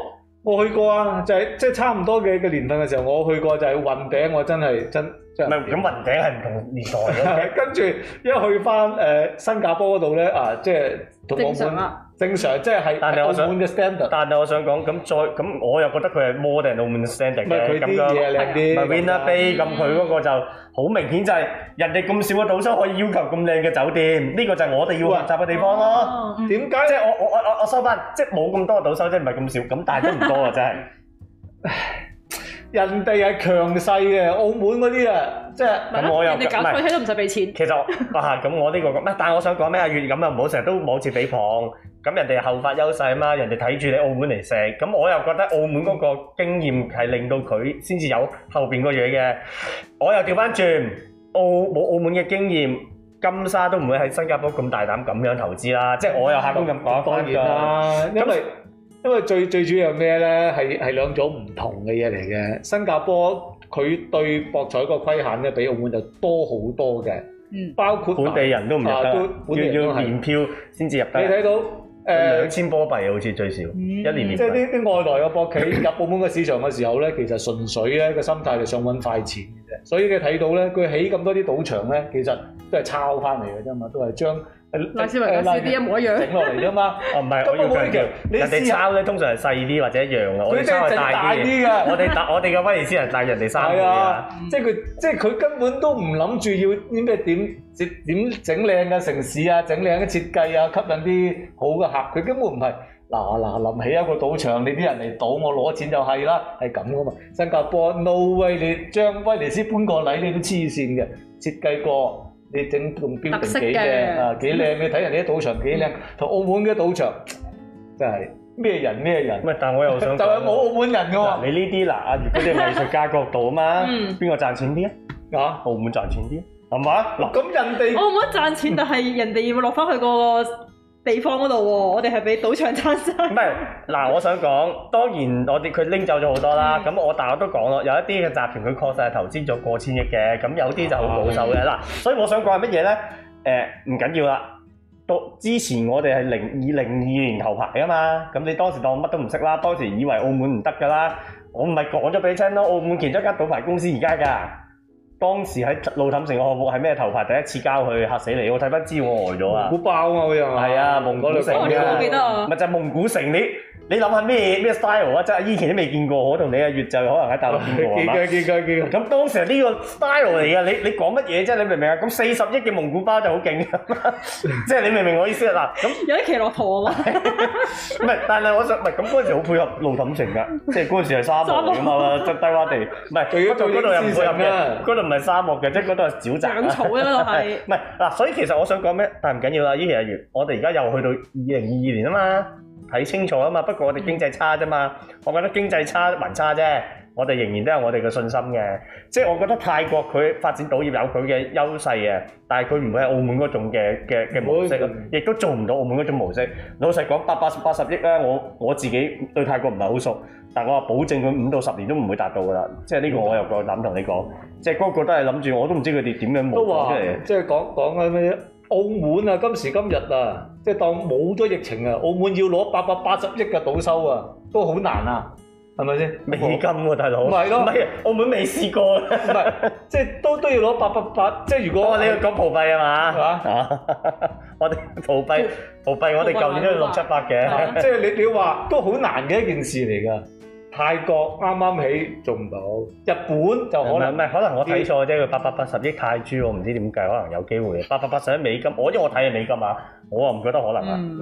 Speaker 1: 我去過啊，就係即係差唔多嘅個年份嘅時候，我去過就係雲頂，我真係真真。唔係咁雲頂係唔同年代嘅、啊。 跟住一去翻誒、呃、新加坡嗰度咧啊，即係同澳門正常啦、啊。正常即係係澳門嘅 standard，但係我想講咁再咁，我又覺得佢係 modern 定係澳門 standard 嘅咁樣。唔係佢啲嘢靚啲，唔係 Vina Bay 咁，佢嗰個就好明顯就係人哋咁少嘅賭收可以要求咁靚嘅酒店，呢個就係我哋要學習嘅地方咯。點解？即係我我我我收翻，即係冇咁多嘅賭收，即係唔係咁少，咁但係都唔多啊！真係。人哋係強勢嘅澳門嗰啲啊，即係咁我又唔係睇都唔使俾錢。其實哇，咁我呢個咩？但係我想講咩啊？月咁啊，唔好成日都冇錢俾房。咁人哋後發優勢啊嘛，人哋睇住你澳門嚟食，咁我又覺得澳門嗰個經驗係令到佢先至有後邊個嘢嘅。我又調翻轉，澳冇澳門嘅經驗，金沙都唔會喺新加坡咁大膽咁樣投資啦。即係我又係咁講當然啦，因為因為最最主要係咩咧？係係兩種唔同嘅嘢嚟嘅。新加坡佢對博彩嗰個規限咧，比澳門就多好多嘅，包括本地人都唔入得，要要年票先至入得。你睇到。誒兩千波幣好似最少、嗯、一年，年，即係啲啲外來嘅博企入澳門嘅市場嘅時候咧， 其實純粹咧，個心態就想揾快錢嘅啫，所以你睇到咧，佢起咁多啲賭場咧，其實都係抄翻嚟嘅啫嘛，都係將。拉斯維加斯 V 一模一樣整落嚟啫嘛。哦唔係，我唔一樣。人哋抄咧通常係細啲或者一樣噶，我啲抄係大啲嘅。我哋大我哋嘅威尼斯係大人哋抄嗰啲嘢啊，即係佢即係佢根本都唔諗住要啲咩點點整靚嘅城市啊，整靚嘅設計啊，吸引啲好嘅客。佢根本唔係嗱嗱臨起一個賭場，你啲人嚟賭，我攞錢就係啦，係咁噶嘛。新加坡 No way，你將威尼斯搬過嚟你都黐線嘅設計過。你整棟標誌幾靚啊，幾靚？你睇人哋啲賭場幾靚，同澳門嘅賭場真係咩人咩人？唔係，但我又想就係冇澳門人嘅喎。你呢啲嗱，如果你係藝術家角度啊嘛，邊個賺錢啲啊？啊，澳門賺錢啲係咪啊？嗱，
Speaker 2: 咁人哋澳門賺錢，但係人哋要落翻去個。地方嗰度喎，我哋係俾賭場爭
Speaker 1: 曬。唔係嗱，我想講，當然我哋佢拎走咗好多啦。咁 我大佬都講咯，有一啲嘅集團佢確實係投資咗過千億嘅。咁有啲就好保守嘅啦。所以我想講係乜嘢呢？誒、欸，唔緊要啦。到之前我哋係零二零二年頭牌啊嘛。咁你當時當乜都唔識啦，當時以為澳門唔得噶啦。我唔係講咗俾你聽咯，澳門其中一間賭牌公司而家噶。當時喺路氹城個項目係咩頭牌？第一次交佢嚇死你喎！睇不知我呆咗啊！蒙古包啊！佢係咪？係啊，蒙古城啊！唔係就係、蒙古城你諗下咩咩 style 啊？即係以前都未見過，我同你阿月就可能喺大陸見過啊嘛。咁當時呢個 style 嚟噶，你你講乜嘢？即係你明唔明啊？咁四十億嘅蒙古包就好勁，即係你明唔明我意思啊？嗱，咁有啲騎駱駝啦。唔係，但係我想唔係咁嗰陣時好配合路氹城噶，即係嗰陣時係沙漠咁啊，出低窪地。唔係，仲要做嗰度又唔配合。嗰度唔係沙漠嘅，即係嗰度係沼澤。長草嗰度係。唔係嗱，所以其實我想講咩？但係唔緊要啦。依期阿月，我哋而家又去到二零二二年啊嘛。睇清楚啊嘛，不過我哋經濟差啫嘛，我覺得經濟差還差啫，我哋仍然都有我哋嘅信心嘅，即係我覺得泰國佢發展賭業有佢嘅優勢嘅，但係佢唔會係澳門嗰種嘅嘅嘅模式，亦都做唔到澳門嗰種模式。老實講，百八十八十億啦，我我自己對泰國唔係好熟，但我話保證佢五到十年都唔會達到噶啦，即係呢個我又夠膽同你講。即嗰個都係諗住，我都唔知佢哋點樣模，都話即係講講緊咩？澳門啊，今時今日啊，即係當冇咗疫情啊，澳門要攞八百八十億嘅賭收啊，都好難啊，係咪先？美金喎大佬，唔係咯，澳門未試過，唔係，即係都都要攞八百八，即係如果你要講葡幣啊嘛，係嘛？我哋葡幣葡幣，我哋舊年都六七百嘅，即係你你話都好難嘅一件事嚟噶。泰國啱啱起做唔到，日本就可能唔係、嗯、可能我睇錯啫，佢八百八十億泰銖、嗯、我唔知點計，可能有機會。八百八十億美金，我因為我睇係美金啊，我又唔覺得可能啊，好、嗯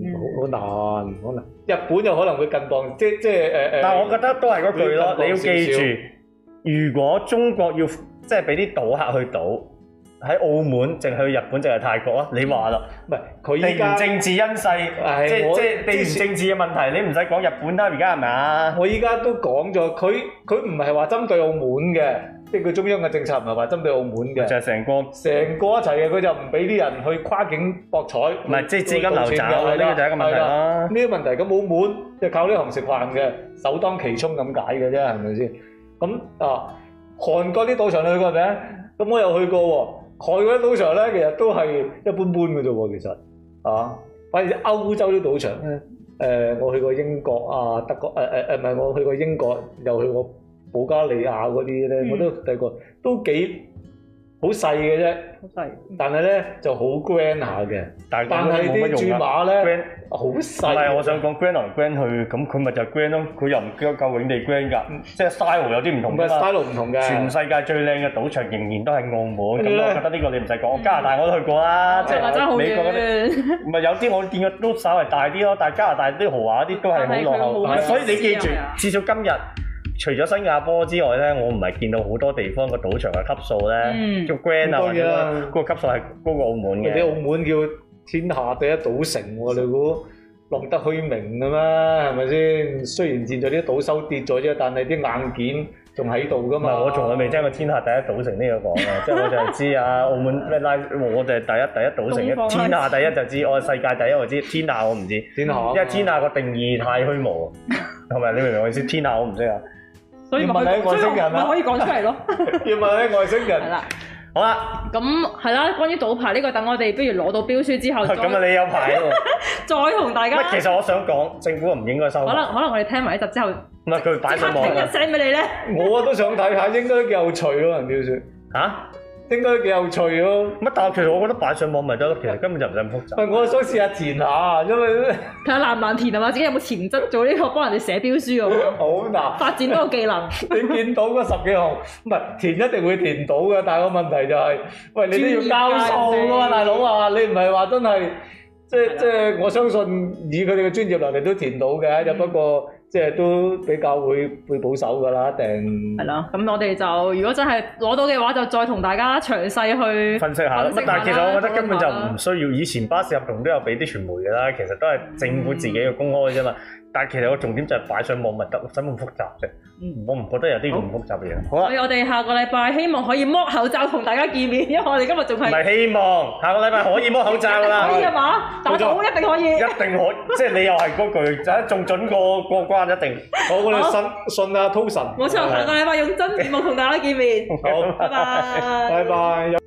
Speaker 1: 嗯、難可能。日本就可能會更降。即即誒誒。呃、但係我覺得都係嗰句咯，更你要記住，少少如果中國要即係俾啲賭客去賭，喺澳門，定去日本，定係泰國啊？你話啦，唔係佢依家地緣政治因勢，即係即係地緣政治嘅問題，你唔使講日本啦，而家係咪啊？我依家都講咗，佢佢唔係話針對澳門嘅，即係佢中央嘅政策唔係話針對澳門嘅，就係成個成個一齊嘅，佢就唔俾啲人去跨境博彩，唔係即係資金流走啊？呢個就係一個問題啦。呢個問題咁澳門就靠呢行食飯嘅，首當其衝咁解嘅啫，係咪先？咁啊，韓國啲賭場你去過未啊？咁我又去過喎。海外賭場咧，其實都係一般般嘅啫喎，其實啊，反而歐洲啲賭場咧，誒、呃，我去過英國啊、德國，誒誒誒，唔、啊、係、啊、我去過英國，又去過保加利亞嗰啲咧，嗯、我都睇過，都幾～好細嘅啫，但係咧就好 grand 下嘅，但係啲注碼咧好細。唔係，我想講 grand 嚟 grand 去，咁佢咪就 grand 咯，佢又唔叫夠永地 grand 㗎，即係 style 有啲唔同㗎嘛。style 唔同嘅。全世界最靚嘅賭場仍然都係澳門，咁我覺得呢個你唔使講，加拿大我都去過啦。即係美國嗰啲。唔係有啲我見過都稍為大啲咯，但係加拿大啲豪華啲都係好落後，所以你記住，至少今日。除咗新加坡之外咧，我唔係見到好多地方個賭場嘅級數咧，嗯、叫 Grand 啊，嗰個級數係高過澳門嘅。啲澳門叫天下第一賭城，啊，你估落得虛名啊？嘛係咪先？雖然現在啲賭收跌咗啫，但係啲硬件仲喺度噶嘛。我從來未聽過天下第一賭城呢個講嘅， 即係我就係知啊，澳門咩我哋係第一第一賭城一， 天下第一就知， 我係世界第一我知，天下我唔知。 天下，因為天下個定義太虛無，係咪？你明唔明我意思？天下我唔識啊。
Speaker 2: 所以以問下啲外星人咪可以講出嚟咯。
Speaker 1: 要問你外星人係啦，
Speaker 2: 了好啦了。咁係啦，關於賭牌呢、這個，等我哋不如攞到標書之後咁 啊，你有牌啊？再同大家。其
Speaker 1: 實我想講，政府唔應該收。好能
Speaker 2: 可能我哋聽埋一集之後。
Speaker 1: 唔係佢擺上網。聽一聲俾你咧。 我啊都想睇下，應該有趣咯，啲標書。嚇、啊？應該幾有趣咯，乜？但係其實我覺得擺上網咪
Speaker 2: 得咯，其實根本就唔使咁複雜。唔我想試下填下，因為睇下難唔難填啊嘛，自己有冇潛質做呢、呢個幫人哋寫標書啊？ 好難。發展多個技能。 你見到嗰十幾行，
Speaker 1: 唔係填一定會填到嘅，但係個問題就係、係，喂，你都要交數嘅大佬啊，你唔係話真係，即的即我相信以佢哋嘅專業能力都填到嘅，只不過。即係都比較會會保守㗎啦，一定係
Speaker 2: 啦。咁我哋就如果真係攞到嘅話，就再同大家詳細去分析下。乜？但係其實我覺得根本就
Speaker 1: 唔需要。以前巴士合同都有俾啲傳媒㗎啦，其實都係政府自己嘅公開啫嘛。嗯 但係其實個重點就係擺上網咪得咯，使乜複雜啫。我唔覺得有啲咁複雜嘅嘢。好啊！所
Speaker 2: 以我哋下個禮拜希望可以剝口罩同大家見面，因為我哋今日仲係唔係
Speaker 1: 希望下個禮拜可以剝口罩㗎啦？可以啊嘛，但係我一定可以，一定可以，即係你又係嗰句，仲準過過關一定。好，我哋信信阿滔神。冇錯，下個禮
Speaker 2: 拜用真面目同大家見面。好，拜拜。拜拜。